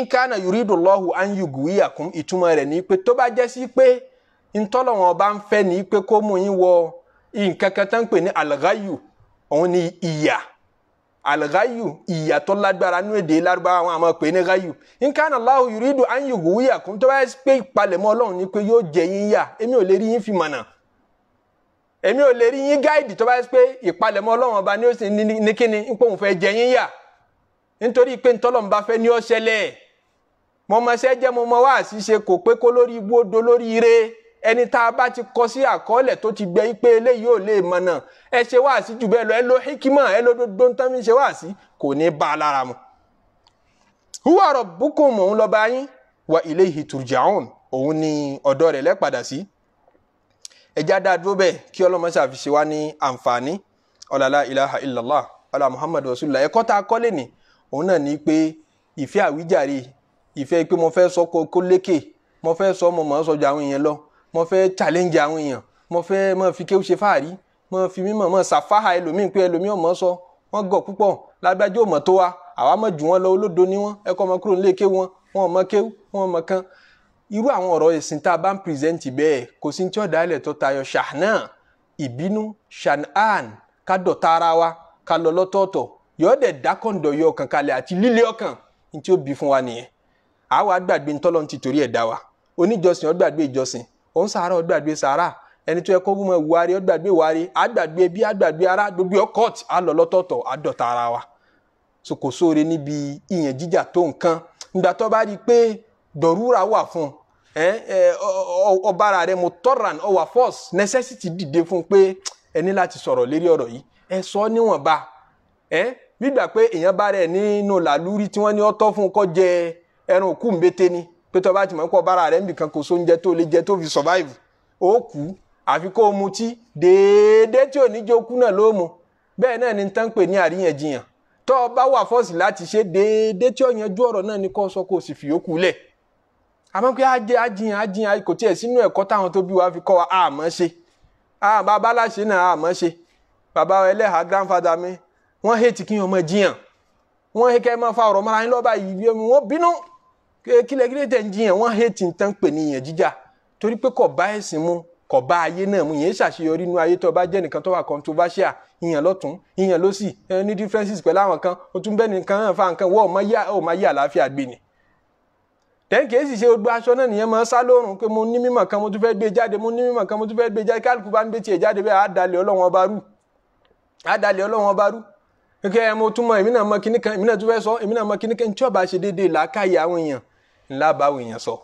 nkánà yuridullahu an yuguiyakum ìtumọ̀ rẹ̀ ní pé tó bá jẹ́ sí pé ntọ́lọ́wọ́n bá ń fẹ́ ní pé kó mú yín wọ nǹkan kan pè ní alghayu òun ni ìyà. alghayu ìyàtọ̀ lágbára nínú èdè lárúbáwá àwọn àmọ́ pé ní ghayu nǹkan Allahu yuridu an yughwiya kún tó bá yẹ pé ìpalẹ̀mọ́ ọlọ́run ni pé yóò jẹ yín yà èmi ò lè rí yín fi mọ̀nà èmi ò lè rí yín gáìdì tó bá yẹ pé ìpalẹ̀mọ́ ọlọ́run ọba ni ó sì ní kíni ń pòun fẹ́ jẹ yín yà nítorí pé ntọ́lọ́run bá fẹ́ ní ó mọ́mọ́ṣẹ́ jẹ́ mọ́mọ́ wá àṣìṣe kò pé kó lórí ibú ó do lórí ire ẹni tá a bá ti kọ sí àkọọ́lẹ̀ tó ti gbẹ́ pé eléyìí ò lè mọ̀nà ẹ ṣe wá sí jù bẹ́ẹ̀ lọ ẹ lo hikima ẹ lo dodo ń tán fi ṣe wá sí kò ní bá a lára mu. huwa rabbukum òun lọ́ba yín wa ilayhi turja'un òun ni ọ̀dọ̀ rẹ̀ lẹ́padà sí. ẹja dáa dúró bẹ́ẹ̀ kí ọlọ́mọ ṣàfihàn wá ní àǹfààní ọ̀làlá ilaha illallah ọ̀là muhammadu rasulullah ẹ̀kọ́ tá a kọ́ lé ní òun náà ní pé ìfẹ́ mo fẹ́ challenge àwọn èèyàn mo fẹ́ mo fi kéwù ṣe fáàrí mo fi mímọ̀ mo ṣàfáà ẹlòmíì pé ẹlòmíì ọmọ sọ wọ́n gọ̀ púpọ̀ lágbájá ò mọ̀ tó wa àwa mọ̀ jù wọ́n lọ olódo ni wọ́n ẹ̀kọ́ ọmọ kúrò nílé kéwù wọn wọn ò mọ kéwù wọn ò mọ kan irú àwọn ọ̀rọ̀ ẹ̀sìn tá a bá ń present bẹ́ẹ̀ kò sí tí ọ̀dà ilẹ̀ tó tayọ ṣàhánà ìbínú ṣàhánàn ká dọ̀tá ara wa ká lọ lọ́tọ̀ọ̀tọ̀ yọ dẹ̀ dákọ̀ǹdọ̀ yọ ọkàn kalẹ̀ àti líle ọkàn tí ó bí fún wa nìyẹn àwa gbàgbé ntọ́lọ́n ti torí ẹ̀ wa oníjọsìn ó gbàgbé ìjọsìn ó sa sàárà ó gbàgbé sàárà ẹni tó yẹ kó mọ ìwárí ó bí ara gbogbo ọkọ̀t á lọ ara wa so kò níbi ìyẹn jíjà tó nǹkan ìgbà tó bá rí i pé dọ̀rúra wà fún ọbára rẹ mo tọ́ran ọwà force dìde fún pé ẹ láti sọ̀rọ̀ lérí ọ̀rọ̀ yìí ẹ sọ níwọ̀nba ẹ bá pé tó bá ti mọ̀ pọ̀ bára rẹ̀ níbi kan kò sóúnjẹ tó lè jẹ tó fi survive ó kú àfi kó o mutí déédéé tí ò ní jẹ́ náà ló mu bẹ́ẹ̀ náà ni n tán pè ní àríyànjiyàn tó o bá wà fọ́ọ̀sì láti ṣe déédéé tí ó yanjú ọ̀rọ̀ náà ni kó o sọ kó o sì fi yókù lẹ̀ àmọ́ pé ajẹ́ ajiyàn ajiyàn kò tiẹ̀ sínú ẹ̀kọ́ táwọn tó bí wa fi kọ́ wa àmọ́ ṣe bàbá aláṣẹ náà àmọ́ ṣe bàbá ẹlẹ́hàá grandfather mi wọ́n hẹ́ẹ̀tì kí wọ́n mọ jiyàn wọ́n hẹ́ẹ̀kẹ́ máa fa ọ̀rọ̀ mọ́ra yín lọ́ba yìí wọ́n bínú kílẹ̀kílẹ̀ tẹ̀ ń jiyàn wọ́n hẹ́ẹ̀tì ń tán pè níyàn jíjà torí pé kò bá ẹ̀sìn mu kò bá ayé náà mu yẹn ṣàṣeyọrí inú ayé tó bá jẹ́ nìkan tó wà controversial ìyàn lọ́tún ìyàn lọ́sì ní differences pẹ̀lú àwọn kan o tún bẹ́ẹ̀ nìkan náà fa nǹkan wọ́n ò máa yí àlàáfíà gbé ni tẹ́ǹkì èsì ṣe gbogbo aṣọ náà nìyẹn máa sá lóorùn pé mo ní mímọ̀ kan mo tún fẹ́ gbé jáde mo ní mímọ̀ kan mo tún fẹ́ gbé jáde kálukú bá ń gbé tiẹ̀ jáde bẹ́ẹ̀ àdàlẹ̀ ọlọ́wọ́n ọlọ́wọ́n bá rú kẹ́kẹ́ ńlá báwo èèyàn sọ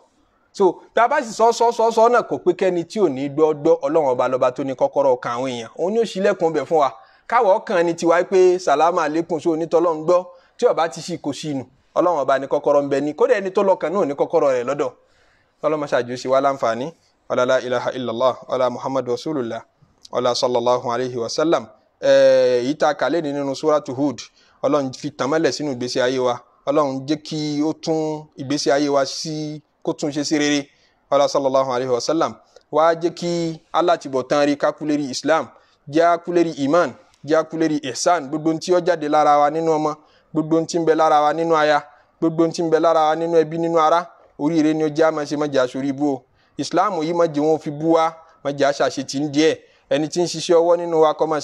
so tá a bá sì sọ sọ sọ sọ náà kò pé kẹ́ni tí ò ní gbọ́ gbọ́ ọlọ́run ọba lọ́ba tó ní kọ́kọ́rọ́ ọkàn àwọn èèyàn òun yóò ṣílẹ̀kùn ọbẹ̀ fún wa káwọ̀ ọkàn ni tiwa pé sàlámà àlékún sí onítọ́lọ́run gbọ́ tí ọba ti ṣì kò sínú ọlọ́run ọba ní kọ́kọ́rọ́ ń bẹ ní kódà ẹni tó lọ́kàn náà ní kọ́kọ́rọ́ rẹ̀ lọ́dọ̀ ọlọ́mọ ṣàjò sí wa láǹfààní ọlá ilaha illallah ọlá muhammadu rasulullah ọlá sallallahu alayhi wa sallam èyí tá a kà nínú suratu hud ọlọ́run fi tàn mọ́lẹ̀ sínú ìgbésí ayé wa ọlọ́run jẹ́ kí ó tún ìgbésí ayé wa sí kó tún ṣe sí rere ọlá sallallahu alayhi wa sallam wá jẹ́ kí alátìbọ̀tán rí kákúlérí islam jẹ́ akúlérí iman jẹ́ akúlérí ihsan gbogbo tí ó jáde lára wa nínú ọmọ gbogbo tí ń bẹ lára wa nínú aya gbogbo tí ń bẹ lára wa nínú ẹbí nínú ara oríire ni ó jẹ́ àmọ́ ṣe má jẹ́ o islam yìí má jẹ́ wọn fi bú wa má jẹ́ aṣàṣe tì ń díẹ̀ ẹni tí ń ṣiṣẹ́ ọwọ́ nínú wa kó máa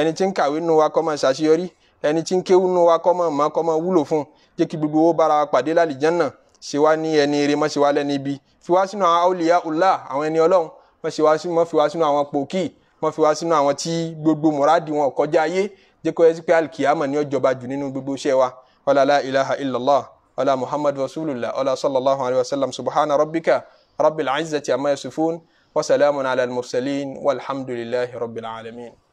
ẹni tí ń kàwé nínú wa kó máa ẹni tí ń kéwú nù wa kọ́mọ mọ́ kọ́mọ wúlò fún jẹ́ kí gbogbo owó bára wa pàdé lálìjánná ṣe wá ní ẹni eré mọ́ ṣe wá lẹ́ni ibi fi wá sínú àwọn awliya Allah àwọn ẹni ọlọ́run mọ́ ṣe wá sínú mọ́ fi wá sínú àwọn pòkì mọ́ fi wá sínú àwọn tí gbogbo mùràdì wọn kọjá ayé jẹ́ kó yẹsí pé alkiyama ni ó jù nínú gbogbo iṣẹ́ wa wala ilaha illallah wala muhammadu rasulullah wala sallallahu alayhi wa sallam subhana rabbika rabbil izzati amma yasifun wa ala al-mursalin walhamdulillahi rabbil alamin.